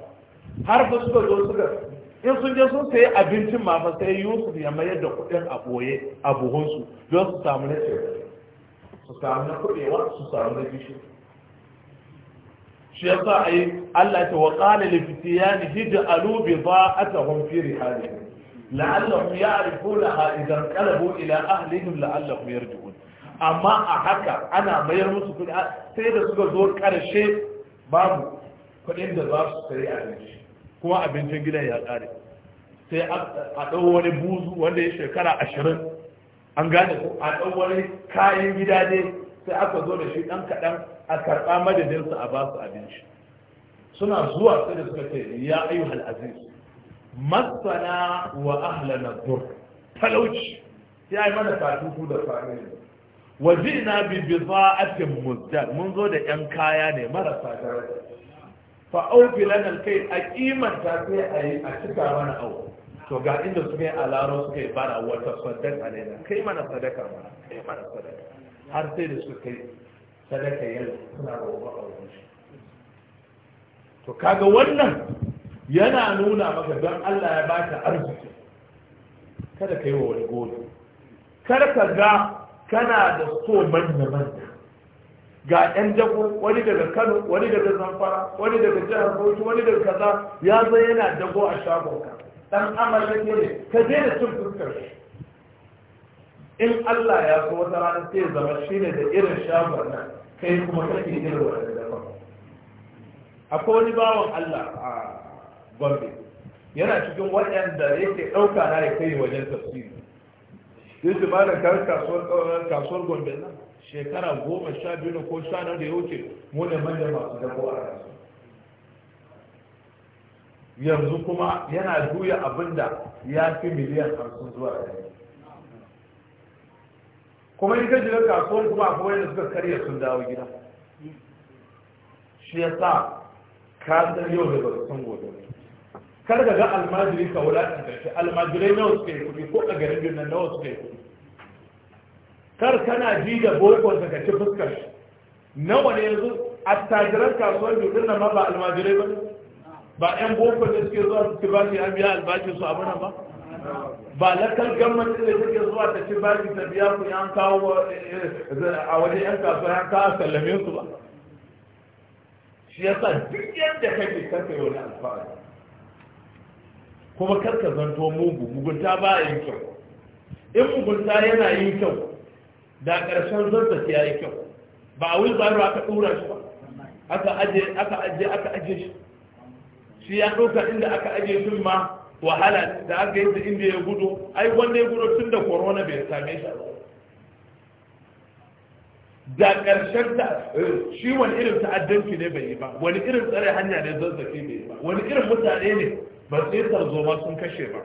har ba suka zo suka in sun je sun sayi abincin ma sai Yusuf ya mayar da kuɗin a a buhunsu don su samu na tsere su samu na kuɗewa su samu na gishi shi yasa a yi Allah ta wa ƙala lifiti ya ni hijja alubi ba a ta hunfiri hali la'allahum ya arifu laha idan kalabu ila ahlihim la'allahum yarji'un amma a haka ana mayar musu kuɗi sai da suka zo ƙarshe babu kuɗin da za su sayi abinci kuma abincin gidan ya ƙare sai a ɗau wani buzu wanda ya shekara ashirin an gane ko a ɗau wani kayan gida ne, sai aka zo da shi ɗan kaɗan a karɓa madadinsu a ba su abinci suna zuwa sai da suka ce ya ayyuhal aziz masana wa ahlana dur talauci ya yi mana katutu da famili wajina bi biza'atin muzdal mun zo da yan kaya ne marasa daraja fa auki lanar kai a ta sai a yi a cika mana au to ga inda suka yi laro suka yi bara wata sadaka ne kai mana sadaka mana kai mana sadaka har sai da suka yi sadaka yau suna da auren shi to kaga wannan yana nuna maka don Allah ya baka arziki kada ka yi wa wani gobe. kar ka ga kana da so manya manya ga ɗan jago wani daga kano wani daga zamfara wani daga jihar bauchi wani daga kaza ya zo yana jago a shagonka ɗan ke ne ka je da cin fuskar in allah ya so wata rana sai zama shi ne da irin shagon nan kai kuma kake irin wani daban akwai wani bawan allah a gombe yana cikin waɗanda yake ɗauka na ya kai wajen tafsiri sai su ba da eh, kasuwar gombe na shekara goma sha biyu ko sha na da ya wuce muna manya masu dabo a kasuwa yanzu kuma yana juya abin da ya fi miliyan hamsin zuwa ɗari kuma in ka da kasuwar kuma akwai wanda suka karya sun dawo gida shi ya sa kasar yau da ba san gobe kar ka ga almajiri ka wulaƙanta shi almajirai nawa suka yi kuɗi ko a garin birnin nawa suka yi kuɗi kar kana ji da bokon ka ci fuskar shi nawa ne yanzu attajiran kasuwar jirgin nan ma ba almajirai ba ba yan bokon da suke zuwa su ci bashi an biya albashi su abu nan ba ba lakal gamman da suke zuwa ta ci bashi ta biya ku yan kawo eh, a wajen yan kasuwa yan kawo sallame su ba shi yasa duk yadda kake kasa yau da alfahari kuma karka zanto mugu mugunta ba yin kyau in mugunta yana yin kyau da ƙarshen zanta ya yi kyau ba a wuri zaru aka ɗora shi ba aka aje aka aje aka aje shi shi ya ɗauka inda aka aje shi ma wahala da aka yi inda ya gudu ai wanda ya gudu tun da corona bai same shi ba da ƙarshen ta eh, shi wani irin ta'addanci ne bai yi ba wani irin tsare hanya ne zazzafi bai yi ba wani irin mutane ne ba sai tarzoma sun kashe ba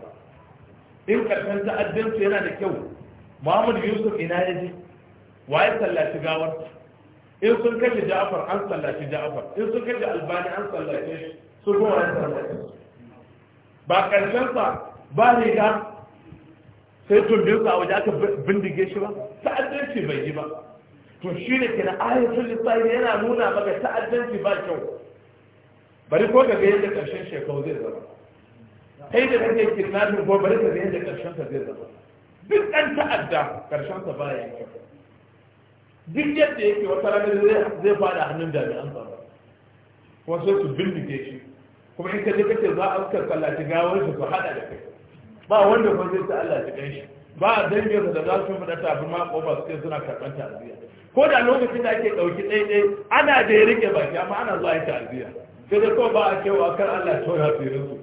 in karshen ta'addansu yana da kyau Muhammadu yusuf ina ya ji wa ya sallaci gawar in sun kashe ja'afar an sallaci ja'afar in sun kashe albani an sallace shi sun kuma ya sallace ba karshen sa ba riga sai tumbinsa a waje aka bindige shi ba ta'addanci bai yi ba to shi ne kina ayatul lissahi yana nuna maka ta'addanci ba kyau bari ko ga yadda karshen shekaru zai zama kai da kake kidnapping ko bari ka ga da karshen ka zai zama duk ɗan ta'adda karshen ka baya yi duk yadda yake wata ranar zai fada hannun jami'an tsaro kuma sai su bindige shi kuma in ka je kake za a ka sallaci gawar shi su hada da kai ba wanda kuma zai ta Allah ta shi ba a dangin da za su mada bi ma kofa ke suna karɓar ta'aziyya ko da lokacin da ake ɗauki ɗaiɗai ana da ya rike baki amma ana zuwa yi ta'aziyya sai da ko ba a cewa kar Allah ta wani hasirin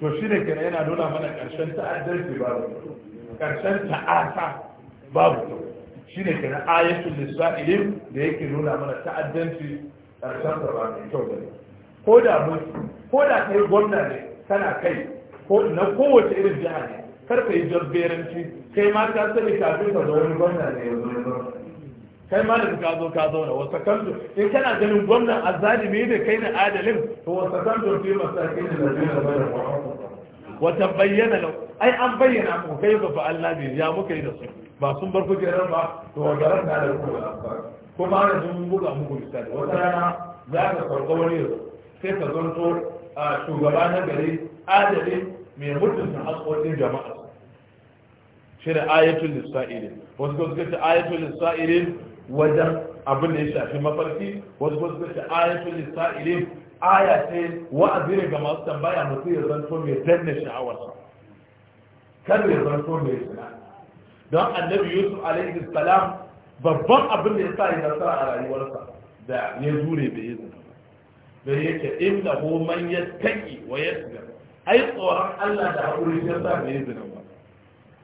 to shi da kira yana nuna mana ƙarshen ta'addarci babu ƙarshen ta'asa babu kyau shi ne kira ayatul lissa'ilim da yake nuna mana ta'addanci ƙarshen ta ba mai kyau da ko da mutu ko da kai gwamna ne tana kai ko na kowace irin jiha ne kar ka yi jarberanci, kai ma ka sani kafin ka zaune gwamna ne zo ya kai ma da ka zo ka zauna wasa kanto in kana ganin gwamnan azalimi ne kai na adalin to wasa kanto fi masakin da zai zama da wata bayyana lau ai an bayyana muku kai ba fa Allah bi ya muke yi da su ba sun bar kujerar ba to garan na da ku kuma ana sun buga muku misali wata rana za ka karɓa wani yau sai ka zanto a shugaba na gari adali mai mutunta haƙoƙin jama'a shi da ayatul lissa'ilin wasu kuma suka ce ayatul lissa'ilin wajen abin da ya shafi mafarki wasu kuma suka ce ayatul lissa'ilin aya ce wa'azi ga masu tambaya mutum ya zanto mai danne sha'awarsa kada ya zanto mai zina don annabi yusuf alaihi salam babban abin da ya sa yi nasara a rayuwarsa da ya zure bai yi zina da yake inda homan ya taƙi wa ya zina ai tsoron allah da haƙuri ya sa bai yi zina ba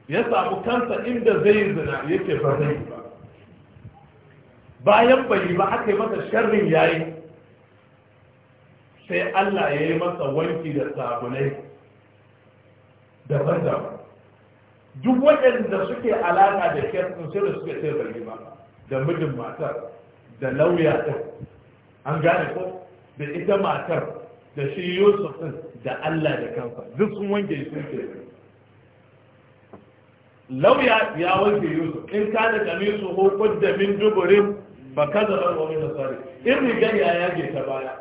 ya samu kansa inda zai yi zina yake ba zai yi ba bayan bai yi ba aka yi masa sharrin yayi sai Allah ya yi masa wanki da sabulai daban-daban duk waɗanda suke alaƙa da kyarkin sai da suke sai zargi ba da mijin matar da lauya ɗin an gane ko da ita matar da shi yusuf ɗin da Allah da kansa duk sun wanke su suke lauya ya wanke yusuf in ka da su hukun da min duburin ba ka zaɓar wani da sare in rigar ya yage ta baya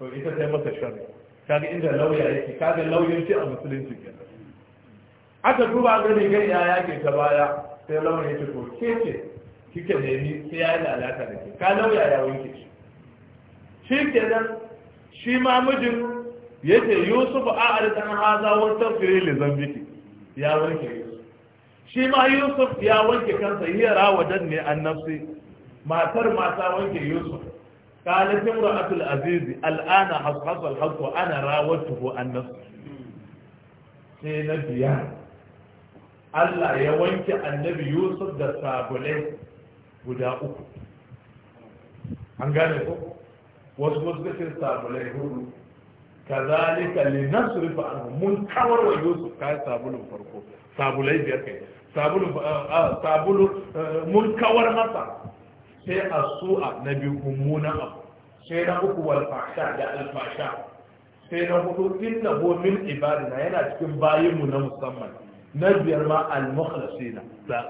to ita sai masa shari kaga inda lauya yake kaga shi a musulunci kenan aka duba gani rigar yaya ke ta baya sai lauya yake to ke ce kike nemi sai ya yi lalata da ke ka lauya ya wanke shi shi kenan shi ma mijin yace yusuf a arzikin haza wani tafsiri le zambiki ya wanke yusuf shi ma yusuf ya wanke kansa hiyara wajen ne an nafsi matar mata wanke yusuf قالت امرأة العزيز الآن حصحص الحق وأنا راودته عن نفسه سينا بيان Allah ya wanke annabi Yusuf da sabulai guda uku an gane ko wasu wasu kashe sabulai hudu kazalika li nasrifa anhu mun kawar wa Yusuf kai sabulun farko sabulai biyar mun kawar sai asu'a na biyu mummunan abu sai na uku walfasha da al sai na hudu inna gomin min ibadina yana cikin bayinmu na musamman na biyar ma al na da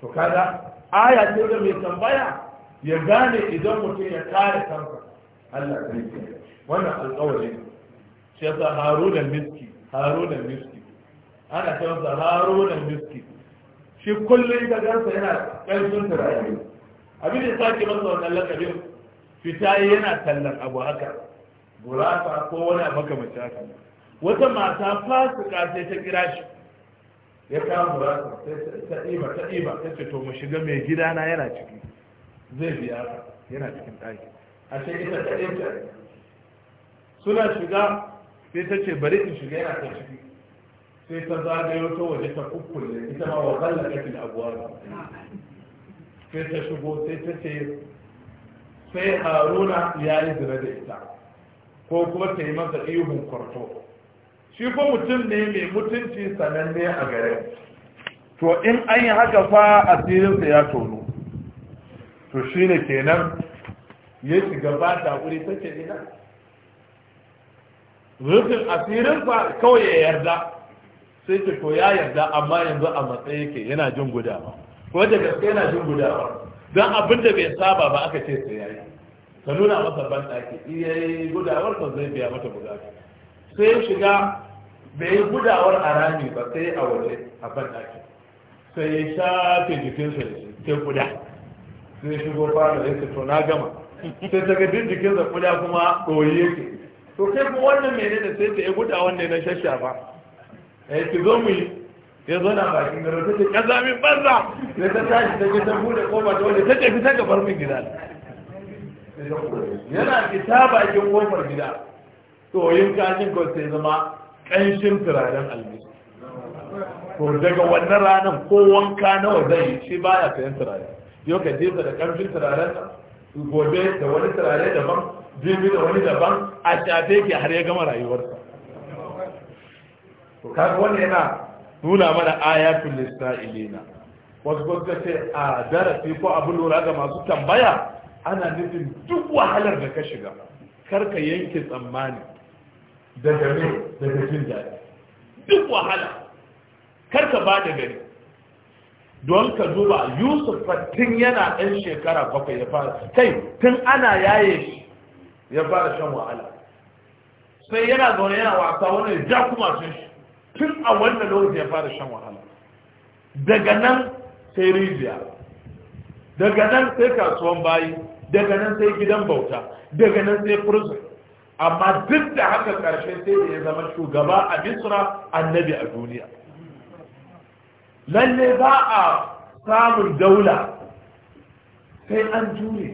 to kada aya ce da mai tambaya ya gane idan mutum ya kare kansa Allah ta yi wannan alkawari shi yasa haruna miski haruna miski ana kiransa haruna miski shi kullum ka gansa yana ƙarfin turare abin da sake masa wannan lakabin fita yana tallan abu haka gurasa ko wani abu mace haka wata mata fasika sai ta kira shi ya kawo gurasa sai ta ɗiba ta ɗiba ta ce to mu shiga mai gidana yana ciki zai biya ka yana cikin ɗaki a ce ita ta ɗaya suna shiga sai ta ce bari in shiga yana ta ciki sai ta zagayo ta waje ta kukkulle ita ma wa zallaka fil abuwa sai ta shigo sai ta ce sai haruna ya yi zira da ita ko kuma ta yi masa ihun kwarto shi ko mutum ne mai mutunci sananne a gare to in an yi haka fa asirinsa ya tono to shi ne kenan ya shiga ba wuri ta ce ina rufin asirinsa kawai ya yarda sai ta to ya yarda amma yanzu a matsayi ke yana jin gudawa ko da gaske yana jin gudawa don abin da bai saba ba aka ce sai yayi ka nuna masa ban ɗaki iya yi gudawar ka zai biya mata bugata sai ya shiga bai yi gudawar a rami ba sai a waje a ban ɗaki sai ya shafe jikinsa da shi sai sai shigo fara da yake to na gama sai ta ga jikinsa kuda kuma ɗoyi yake to kai ko wannan menene sai ta yi gudawar ne na shashafa eh ki zo mu yi ya zo na bakin garo ta ce kaza min banza da ta tashi ta je ta bude kofa ta wani, ta tafi ta gabar min gida yana fita bakin kofar gida to yin kashin ko sai zama kanshin turaren almisu to daga wannan ranar ko wanka nawa zai yi shi baya sayan turare yau ka jefa da kamshin turaren gobe da wani turare daban jirgi da wani daban a shafe ke har ya gama rayuwarsa to kaga wannan yana nuna mana ayatul lisa'ilina wasu suka ce a darasi ko abin lura ga masu tambaya ana nufin duk wahalar da ka shiga kar ka yanke tsammani daga ne daga jin daɗi duk wahala kar ka ba da gari don ka duba yusuf tun yana ɗan shekara bakwai ya fara kai tun ana yaye shi ya fara shan wahala sai yana zaune yana wasa wani ja kuma sun shi tun a wannan lokacin ya fara shan wahala daga nan sai rijiya daga nan sai kasuwan bayi daga nan sai gidan bauta daga nan sai prison amma duk da haka karshen sai da ya zama shugaba a misra annabi a duniya lalle ba a samun daula sai an jure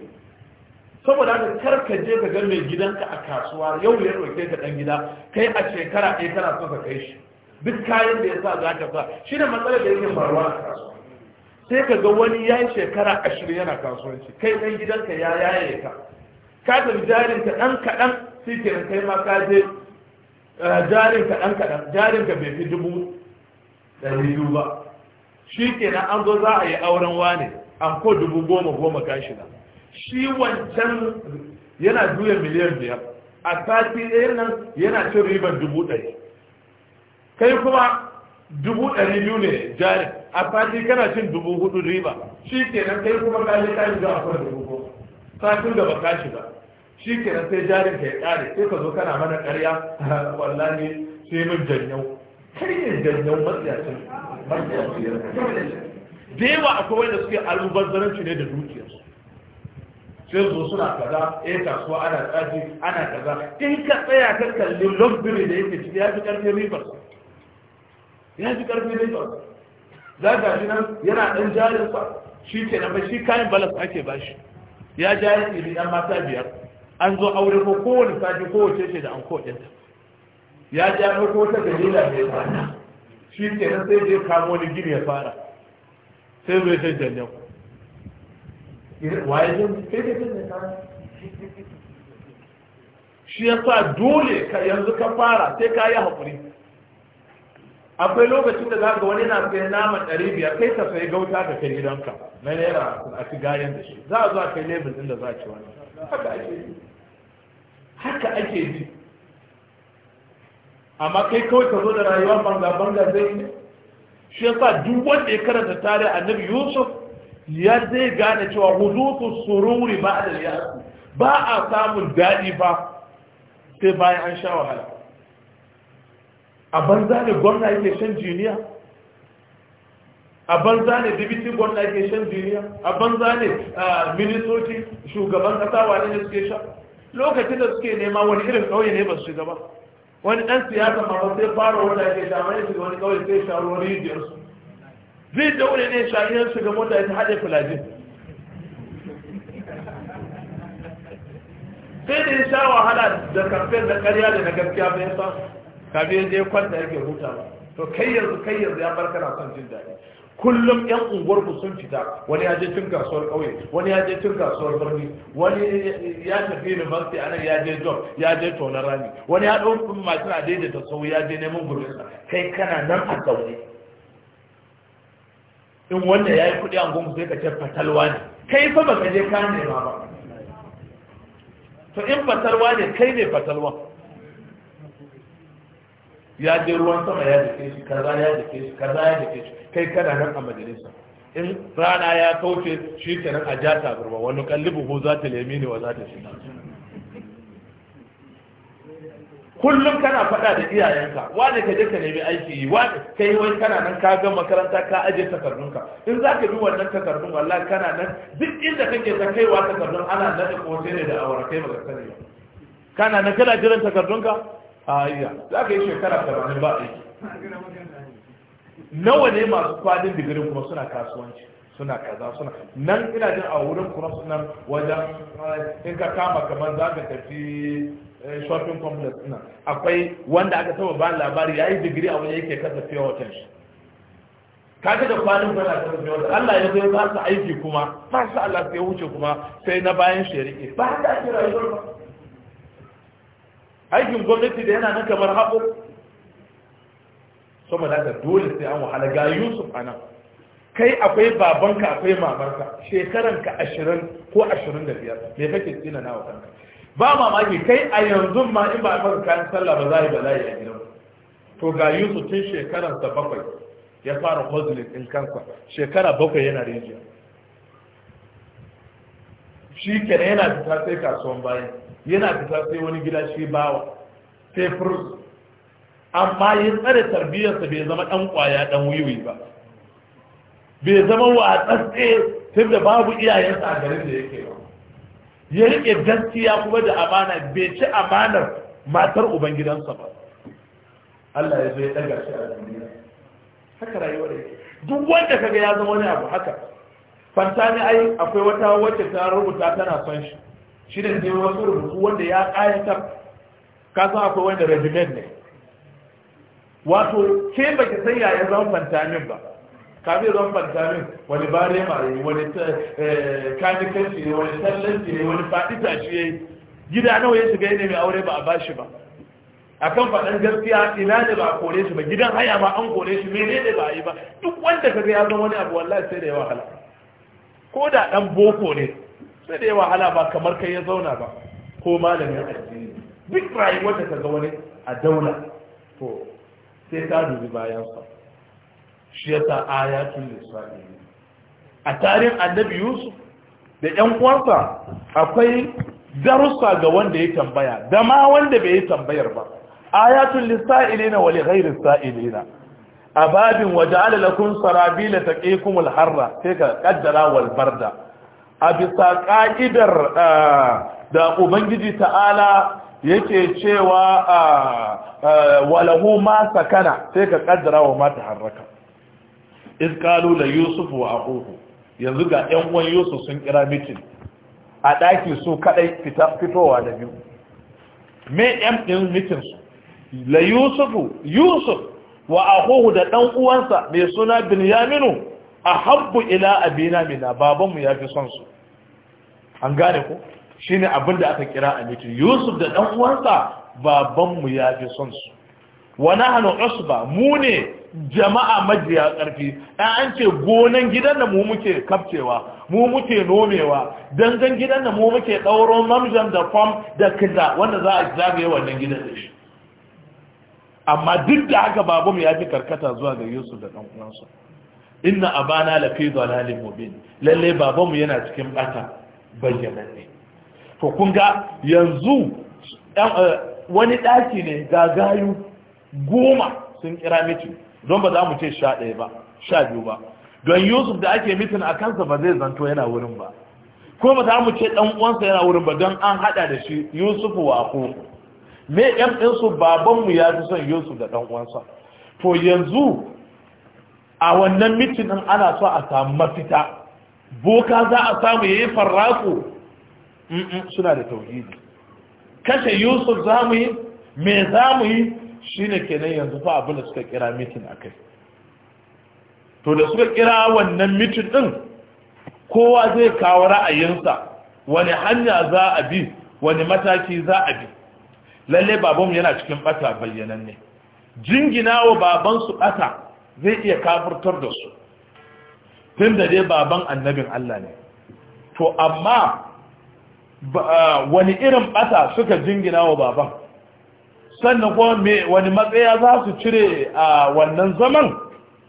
saboda haka karka je ka ga mai gidanka a kasuwa yau ya roke ka dan gida kai a shekara ɗaya kana so ka kai shi duk kayan da ya sa za ta sa shi ne matsalar da yake faruwa a sai ka ga wani ya yi shekara ashirin yana kasuwanci kai ɗan gidanka ya yaye ka ka tafi jarin ka ɗan kaɗan sai ke kai ma ka je eh, jarin ka ɗan kaɗan jarin ka bai fi dubu ɗari biyu ba shi kenan an zo za a yi auren wane an ko dubu goma goma ka shiga shi wancan yana juya miliyan biyar a sati ɗaya nan yana cin riban dubu ɗari kai kuma dubu ɗari biyu ne jari a Fati kana cin dubu hudu riba shi kenan kai kuma ka je ka a kan dubu goma satin da ba ka shiga shi kenan sai jarin ka ya ƙare sai ka zo kana mana ƙarya wallahi sai mun janyau kar ne janyau matsiyacin da yawa akwai wanda suke almubazzaranci ne da dukiyarsu sai zo suna kaza eh kasuwa ana tsaji ana kaza in ka tsaya ka kalli lobbiri da yake ciki ya fi ƙarfin ribar ya ji karfi da ba za ga shi nan yana ɗan jarin sa shi ke nan ba shi kayan balas ake ba shi ya jari ne da ɗan mata biyar an zo aure ko kowane sati kowace ce da an ɗin ya ja ya ko ta dalila mai tsada shi ke nan sai zai kamo wani gini ya fara sai zai sai jan yau waye zai kai da janye shi ya sa dole ka yanzu ka fara sai ka yi haƙuri akwai lokacin da za ga wani na sayan naman ɗari biyar kai ta sayi gauta ka kai gidanka na naira a ci gayan da shi za a zo a kai lebur ɗin da za a ci wani haka ake ji haka ake ji amma kai kawai ka zo da rayuwa banga banga zai ne shi ya sa duk wanda ya karanta a annabi yusuf ya zai gane cewa huzuku sururi ba da ba a samun daɗi ba sai bayan an sha wahala a banza ne gwamna yake shan jiniya a banza ne dibitin gwamna yake shan jiniya a banza ne minisoci shugaban kasa wa ne suke sha lokacin da suke nema wani irin kauye ne ba su shiga ba wani ɗan siyasa ma sai fara wata yake sha mai shiga wani kauye sai sha ruwan rijiyarsu zai daure ne sha iya shiga mota ya ta haɗe filaje sai da ya sha wahala da kamfen da ƙarya da na gaskiya bai samu kafin je kwanta yake hutawa to kai yanzu kai yanzu ya barka na son jin daɗi kullum yan unguwar ku sun fita wani ya je cin kasuwar ƙauye wani ya je cin kasuwar birni wani ya tafi university anan ya je job ya je tonar rami wani ya ɗau mashin a daidaita sau ya je neman gurbinsa kai kana nan a zaune in wanda ya yi kuɗi a gungu sai ka ce fatalwa ne kai fa ka je ka nema ba to in fatalwa ne kai ne fatalwa ya je ruwan sama ya dake shi kaza ya dake shi kaza ya dake shi kai kana nan a majalisa in rana ya kauce shi nan a ja tabarma wani kallibu ko za ta lemi ne wa za ta shi kullum kana faɗa da iyayenka wani ka je ka nemi aiki yi wani kai wai kana nan ka ga makaranta ka aje takardunka in za ka bi wannan takardun wallahi kana nan duk inda kake ta kaiwa takardun ana nan da kote ne da awara kai baka sani ba kana nan kana jiran takardunka a za ka yi shekara tamanin ba aiki nawa ne masu kwadin digirin kuma suna kasuwanci suna kaza suna nan ina jin a wurin kuma suna wajen in ka kama kamar za ka tafi eh, shopping complex ina, akwai wanda aka saba ba labari ya yi digiri a wani yake kasa fiye watan shi kaga da kwanin bana ta rufe wata Allah ya zai ba su aiki kuma ba su Allah sai wuce kuma sai na bayan shari'i ba ta kira ba. aikin gwamnati da yana nan kamar sama da haka dole sai an wahala ga yusuf a nan kai akwai babanka akwai mamarka shekaranka ashirin ko ashirin da biyar me kake tsina na wakanka ba mamaki kai a yanzu ma in ba a fara kayan sallah ba za a yi bala'i a gidan to ga yusuf tun shekaransa bakwai ya fara hozulin ɗin kansa shekara bakwai yana rijiya shi kenan yana fita sai kasuwan bayan yana fita sai wani gida shi bawa sai amma ya tsare tarbiyyarsa bai zama ɗan ƙwaya ɗan wiwi ba bai zama watsatse tun da babu iyayensa a garin da yake ba ya riƙe gaskiya kuma da amana bai ci amanar matar ubangidansa ba Allah ya zo ya ɗaga shi a duniya haka rayuwa da duk wanda kaga ya zama wani abu haka fanta ne ai akwai wata wacce ta rubuta tana son shi shi ne wasu rubutu wanda ya ƙayatar ka san akwai wanda rajimen ne wato ke ba ki san yaya zan fantamin ba ka zan fantamin wani bare mare wani eh, kanikanci ne wani tallanci ne wani fadita shi ya gida nawa ya shiga ne mai aure ba a bashi ba akan faɗan gaskiya ina ne ba a kore shi ba gidan haya ma an kore shi mene ne ba a yi ba duk wanda ka ga ya zama wani abu wallahi sai da ya wahala ko da ɗan boko ne sai da yawa wahala ba kamar kai ya zauna ba ko malamin addini duk rayuwar da ka ga wani a daula to sai ta dubi bayan sa. shi yasa ayatul lisani a tarin annabi yusuf da ƴan uwansa akwai darussa ga wanda ya tambaya da ma wanda bai yi tambayar ba ayatul lisailina wa li ghairi sailina ababin waja'ala lakum sarabila taqikumul Alharra, sai ka kaddara wal barda a bisa ƙa'idar da ubangiji ta'ala yake cewa walahu ma sakana sai ka kaddara wa mata harraka izkalu da yusuf wa akuhu yanzu ga yan yusuf sun kira mitin a ɗaki su kaɗai fitowa da biyu me yan ɗin mitin su la yusuf wa akuhu da ɗan uwansa mai suna binyaminu ahabbu ila abina mina babanmu ya fi son su an gane ko shine abin da aka kira a mitin yusuf da dan uwansa babanmu ya fi son su wa nahnu usba mu ne jama'a majiya karfi dan an ce gonan gidan da mu muke kafcewa mu muke nomewa dangan gidan da mu muke dauro mamjan da fam da kiza wanda za a zagaye wannan gidan da shi amma duk da haka babanmu ya fi karkata zuwa ga yusuf da ɗan uwansa inna abana la fi dhalalin mubin lalle babanmu yana cikin bata ne to kun ga yanzu eh, wani daki ne gagayu goma sun kira mitin don ba za mu ce sha ɗaya ba sha biyu ba don yusuf da ake mitin a kansa ba zai zanto yana wurin ba ko ba za mu ce dan uwansa yana wurin ba don an haɗa da shi yusuf wa ko me yan ɗinsu babanmu ya fi son yusuf da ɗan uwansa to yanzu a wannan mitin ɗin ana so a samu mafita boka za a samu yayi farraku suna da tauhidi kashe yusuf za mu yi me za mu yi Shi ne ke nan yanzu fa abin da suka kira mitin akai to da suka kira wannan mitin ɗin, kowa zai kawo ra'ayinsa wani hanya za a bi wani mataki za a bi lalle babanmu yana cikin bata bayyanan ne jingina wa babansu bata zai iya kafurtar da su tun da dai baban annabin Allah ne to amma wani irin bata suka jingina wa baban sannan kuma wani matsaya za su cire a wannan zaman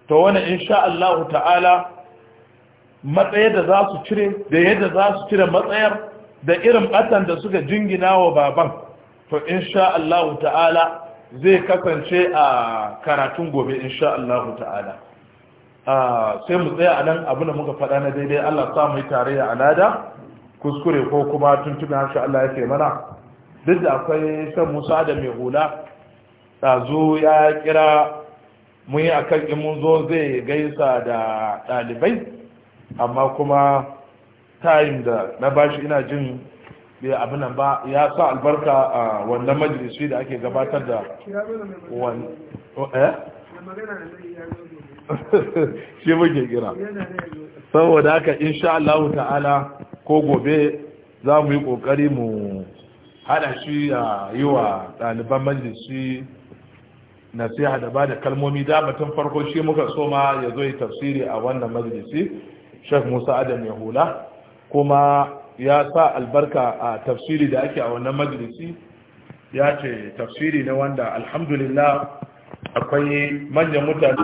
to wani insha Allah ta'ala matsayar da za su cire da yadda za su cire matsayar da irin batan da suka jingina wa baban to insha Allah ta'ala zai kasance a karatun gobe insha Allah ta'ala sai mu tsaya a nan abinda muka faɗa na daidai Allah sa mu yi a alada kuskure ko kuma tuntuni harshe Allah ya ce mana duk da akwai san Musa da mai hula ɗazu ya kira mun yi akan in mun zo zai gaisa da ɗalibai amma kuma time da na bashi ina jin bai abin nan ba ya sa albarka a wannan majalisi da ake gabatar da wani eh shi muke kira saboda haka insha Allah ta'ala ko gobe za mu yi kokari mu hada shi a yi wa ɗaliban majalisi nasiha da ba da kalmomi da batun farko shi muka soma ya zo yi tafsiri a wannan majalisi shek musa adam ya hula kuma ya sa albarka a tafsiri da ake a wannan majalisi ya ce tafsiri ne wanda alhamdulillah akwai manyan mutane